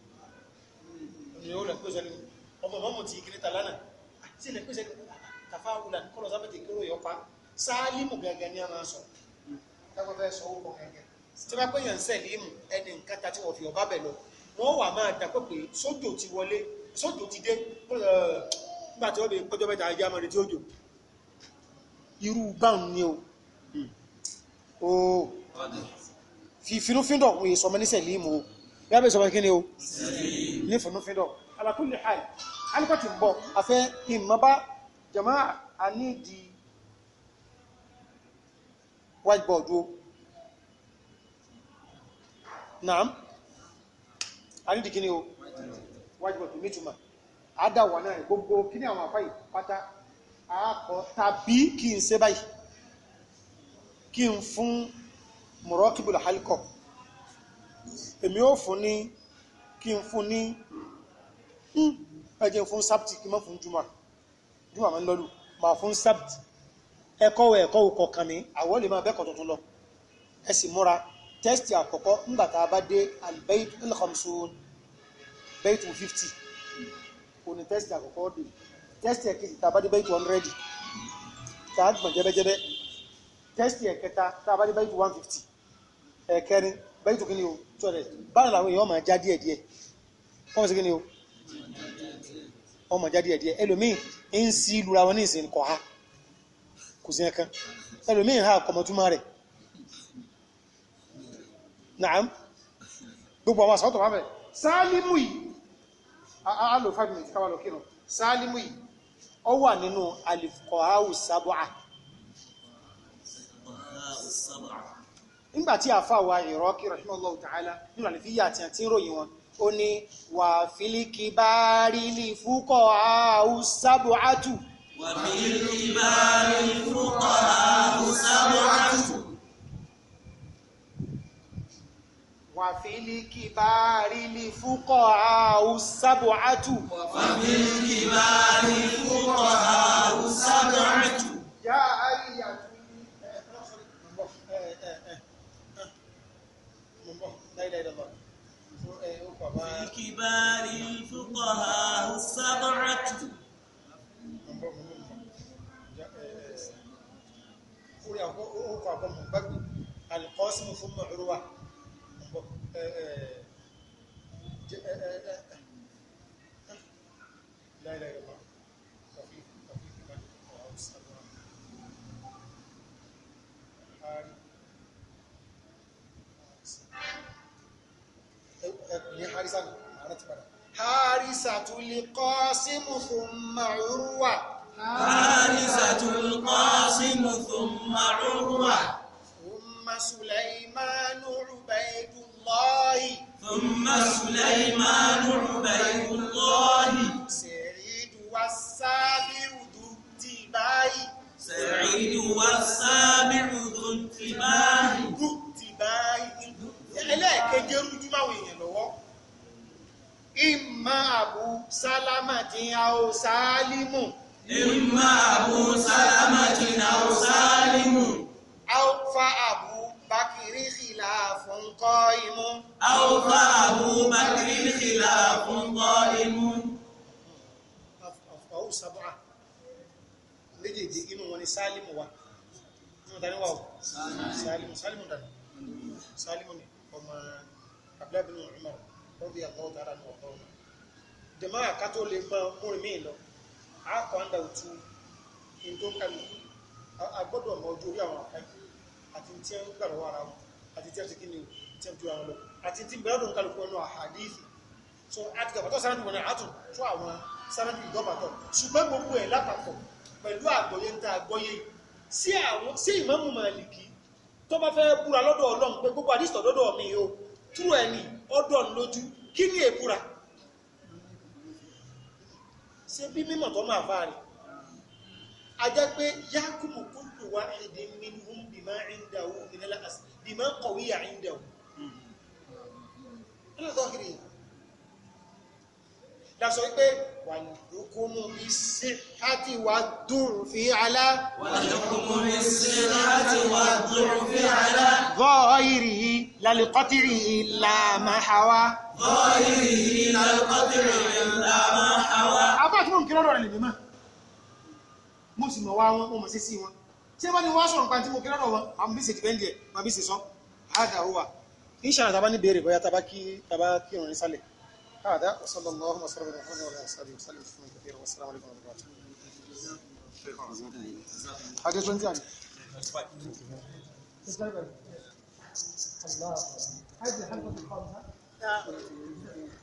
ìyẹn ó lẹ̀ pé sẹ́límù ọmọ mọ́mù ti kiri ta lánàá sí ilẹ̀ pé sẹ́límù tàfá wùlà kọ́lọ̀ sábẹ̀tì kúrò yọpa sáálímù gẹ́gẹ́ ní àmà sọ táwọn fẹ́ sọ orúkọ gẹ́gẹ́ sójò ti dé nígbà tí ó lè kọjọ́ mẹ́ta ajá mọ́rin tí ó jò irú báun ni o hmm. o fífínúfíndọ̀ wọ́n èso ọmọ nísẹ̀ límù o yàbẹ̀ sọmọ kí ni o ní fínúfíndọ̀ alákùnlé hàn alùpàá ti bọ̀ afẹ́ ìmọ̀bá jama a whiteboard o naam a ní di kí o wájúbọ̀ tó nítumọ̀ àdáwà náà gbogbo kí ni àwọn àfáyì pátá àákọ tàbí kí n ṣe báyìí kí n fún mọ̀rọ́kìbìlà halikọ̀ èmi ó fún ní kí n fún ní hmm, ẹjẹ fún sábtì kí n má fún jùmọ̀ jùmọ̀ máa ń lọ́lù máa fún sábtì ẹ̀kọ́ ẹ̀kọ́ kọ̀ọ̀kan mi àwọn lè máa bẹ́ẹ̀kọ́ tuntun lọ ẹ sì múra tẹ́sítì àkọ́kọ́ ńgbà tá a bá dé albeit ilhamsun bẹ́ẹ̀tù fifty òní tẹ́sítì àkọ́kọ́ dè tẹ́sítì ẹ̀kejì tá a bá dé bẹ́ẹ̀tù hundred tá a gbọ̀n jẹ́bẹ́jẹ́bẹ́ tẹ́sítì ẹ̀kẹta tá a bá dé bẹ́ẹ̀tù one fifty ẹ̀kẹrin kí ni o two hundred báyìí làwọn èèyàn máa já díẹ̀ díẹ̀ kọ́mọ̀ sí kí ni o wọ́n máa díẹ̀ díẹ̀ ẹlòmíì ń sí lura wọn ní ìsìn ha kò sí ẹ̀kan ha rẹ̀ nàám gbogbo àwọn àṣà ọ̀tọ̀ wà yìí àlò five minutes káwà lọ kírun sálímù yìí ọ wà nínú alifkọ̀háù sábọ̀à nígbàtí àfàwà ìrọ́kì rahimahullahu ta'ala nínú àlìfíyà àti àti ìròyìn wọn ó ní wà fílíkì bá rí ní fúkọ̀ àáhù sábọ̀àtù wà fílíkì bá rí wàfílì kìbáàrí lè fúkọ̀ àwùsábọ̀ àtù. wàfílì kìbáàrí fúkọ̀ àwùsábọ̀ àtù. yá ayé yàtú كبار الفقهاء السبعة القاسم ثم عروة لا اله الا الله توفيق توفيق من وعوز حال حارسا حارسة القاسم ثم عروة حارسة القاسم ثم عروة ثم سليمان الله ثم سليمان عبيد الله سعيد والسابع ذو اتباع سعيد والسابع ذو اتباع ذو اتباع ẹlẹ́ẹ̀keje rújú báwọn èèyàn lọ́wọ́ ìmọ̀ àbú sálámà tí a ò sálímù. ìmọ̀ àbú sálámà tí a ò sálímù. alfa àbú قائم أوفى أبو بكر خلاف قائم أفقه سبعة méjèèjì inú wọn ni sálímù wa inú ta ní wà ó sálímù sálímù dàní sálímù ni ọmọ abúlábínú Umar rọ́bì àtọ́ dára ní ọ̀tọ́ ọ̀nà jẹ̀mọ́ àkátó lè mọ múrin míì lọ àkọ́ àndà òtú in tó ń kàlù agbọ́dọ̀ ọmọ ojú orí àwọn àkáyí àti tí ń gbàrọ̀wọ́ ara wọn àti tí ń ti kí ni o tí ń ju àwọn lọ àti tí bẹ́ẹ̀dùn kálukú ọ̀nà àhàdíìsì tó bá fẹ́ búra lọ́dọ̀ ọlọ́run pé gbogbo àdìsítọ̀ lọ́dọ̀ mi o túrò ẹni ọdọ̀ lójú kí ni èbúra ṣe bí mímọ̀ tó máa fà rẹ̀ a jẹ́ pé yakubu kullu wahidin minhum bima indahu bima qawiya indahu nínú zọ́kìrì lásọ wípé wà ní hukumu bí sí láti wà dùn fi alá wà ní hukumu bí sí láti wà dùn fi alá zọ́ọ̀ìrì lálùkọ́tìrì ìlàmáhàwá zọ́ọ̀ìrì lálùkọ́tìrì ìlàmáhàwá abá tí mo ń kí lọ́rọ̀ rẹ̀ lè mọ́ mo sì mọ̀ wá wọn mo mọ̀ sí sí wọn tí wọ́n ní wọ́n sọ̀rọ̀ pàǹtí mo kí lọ́rọ̀ wọn àwọn bí ṣe dìbẹ́ǹdì ẹ̀ máa bí ṣe sọ ان شاء الله طبعا بيري بويا تباكي تباكي ونصلي هذا وصلى الله وسلم على محمد وعلى اله وسلم تسليما كثيرا والسلام عليكم ورحمه الله حاجه تنزل الله هذه الحلقه الخامسه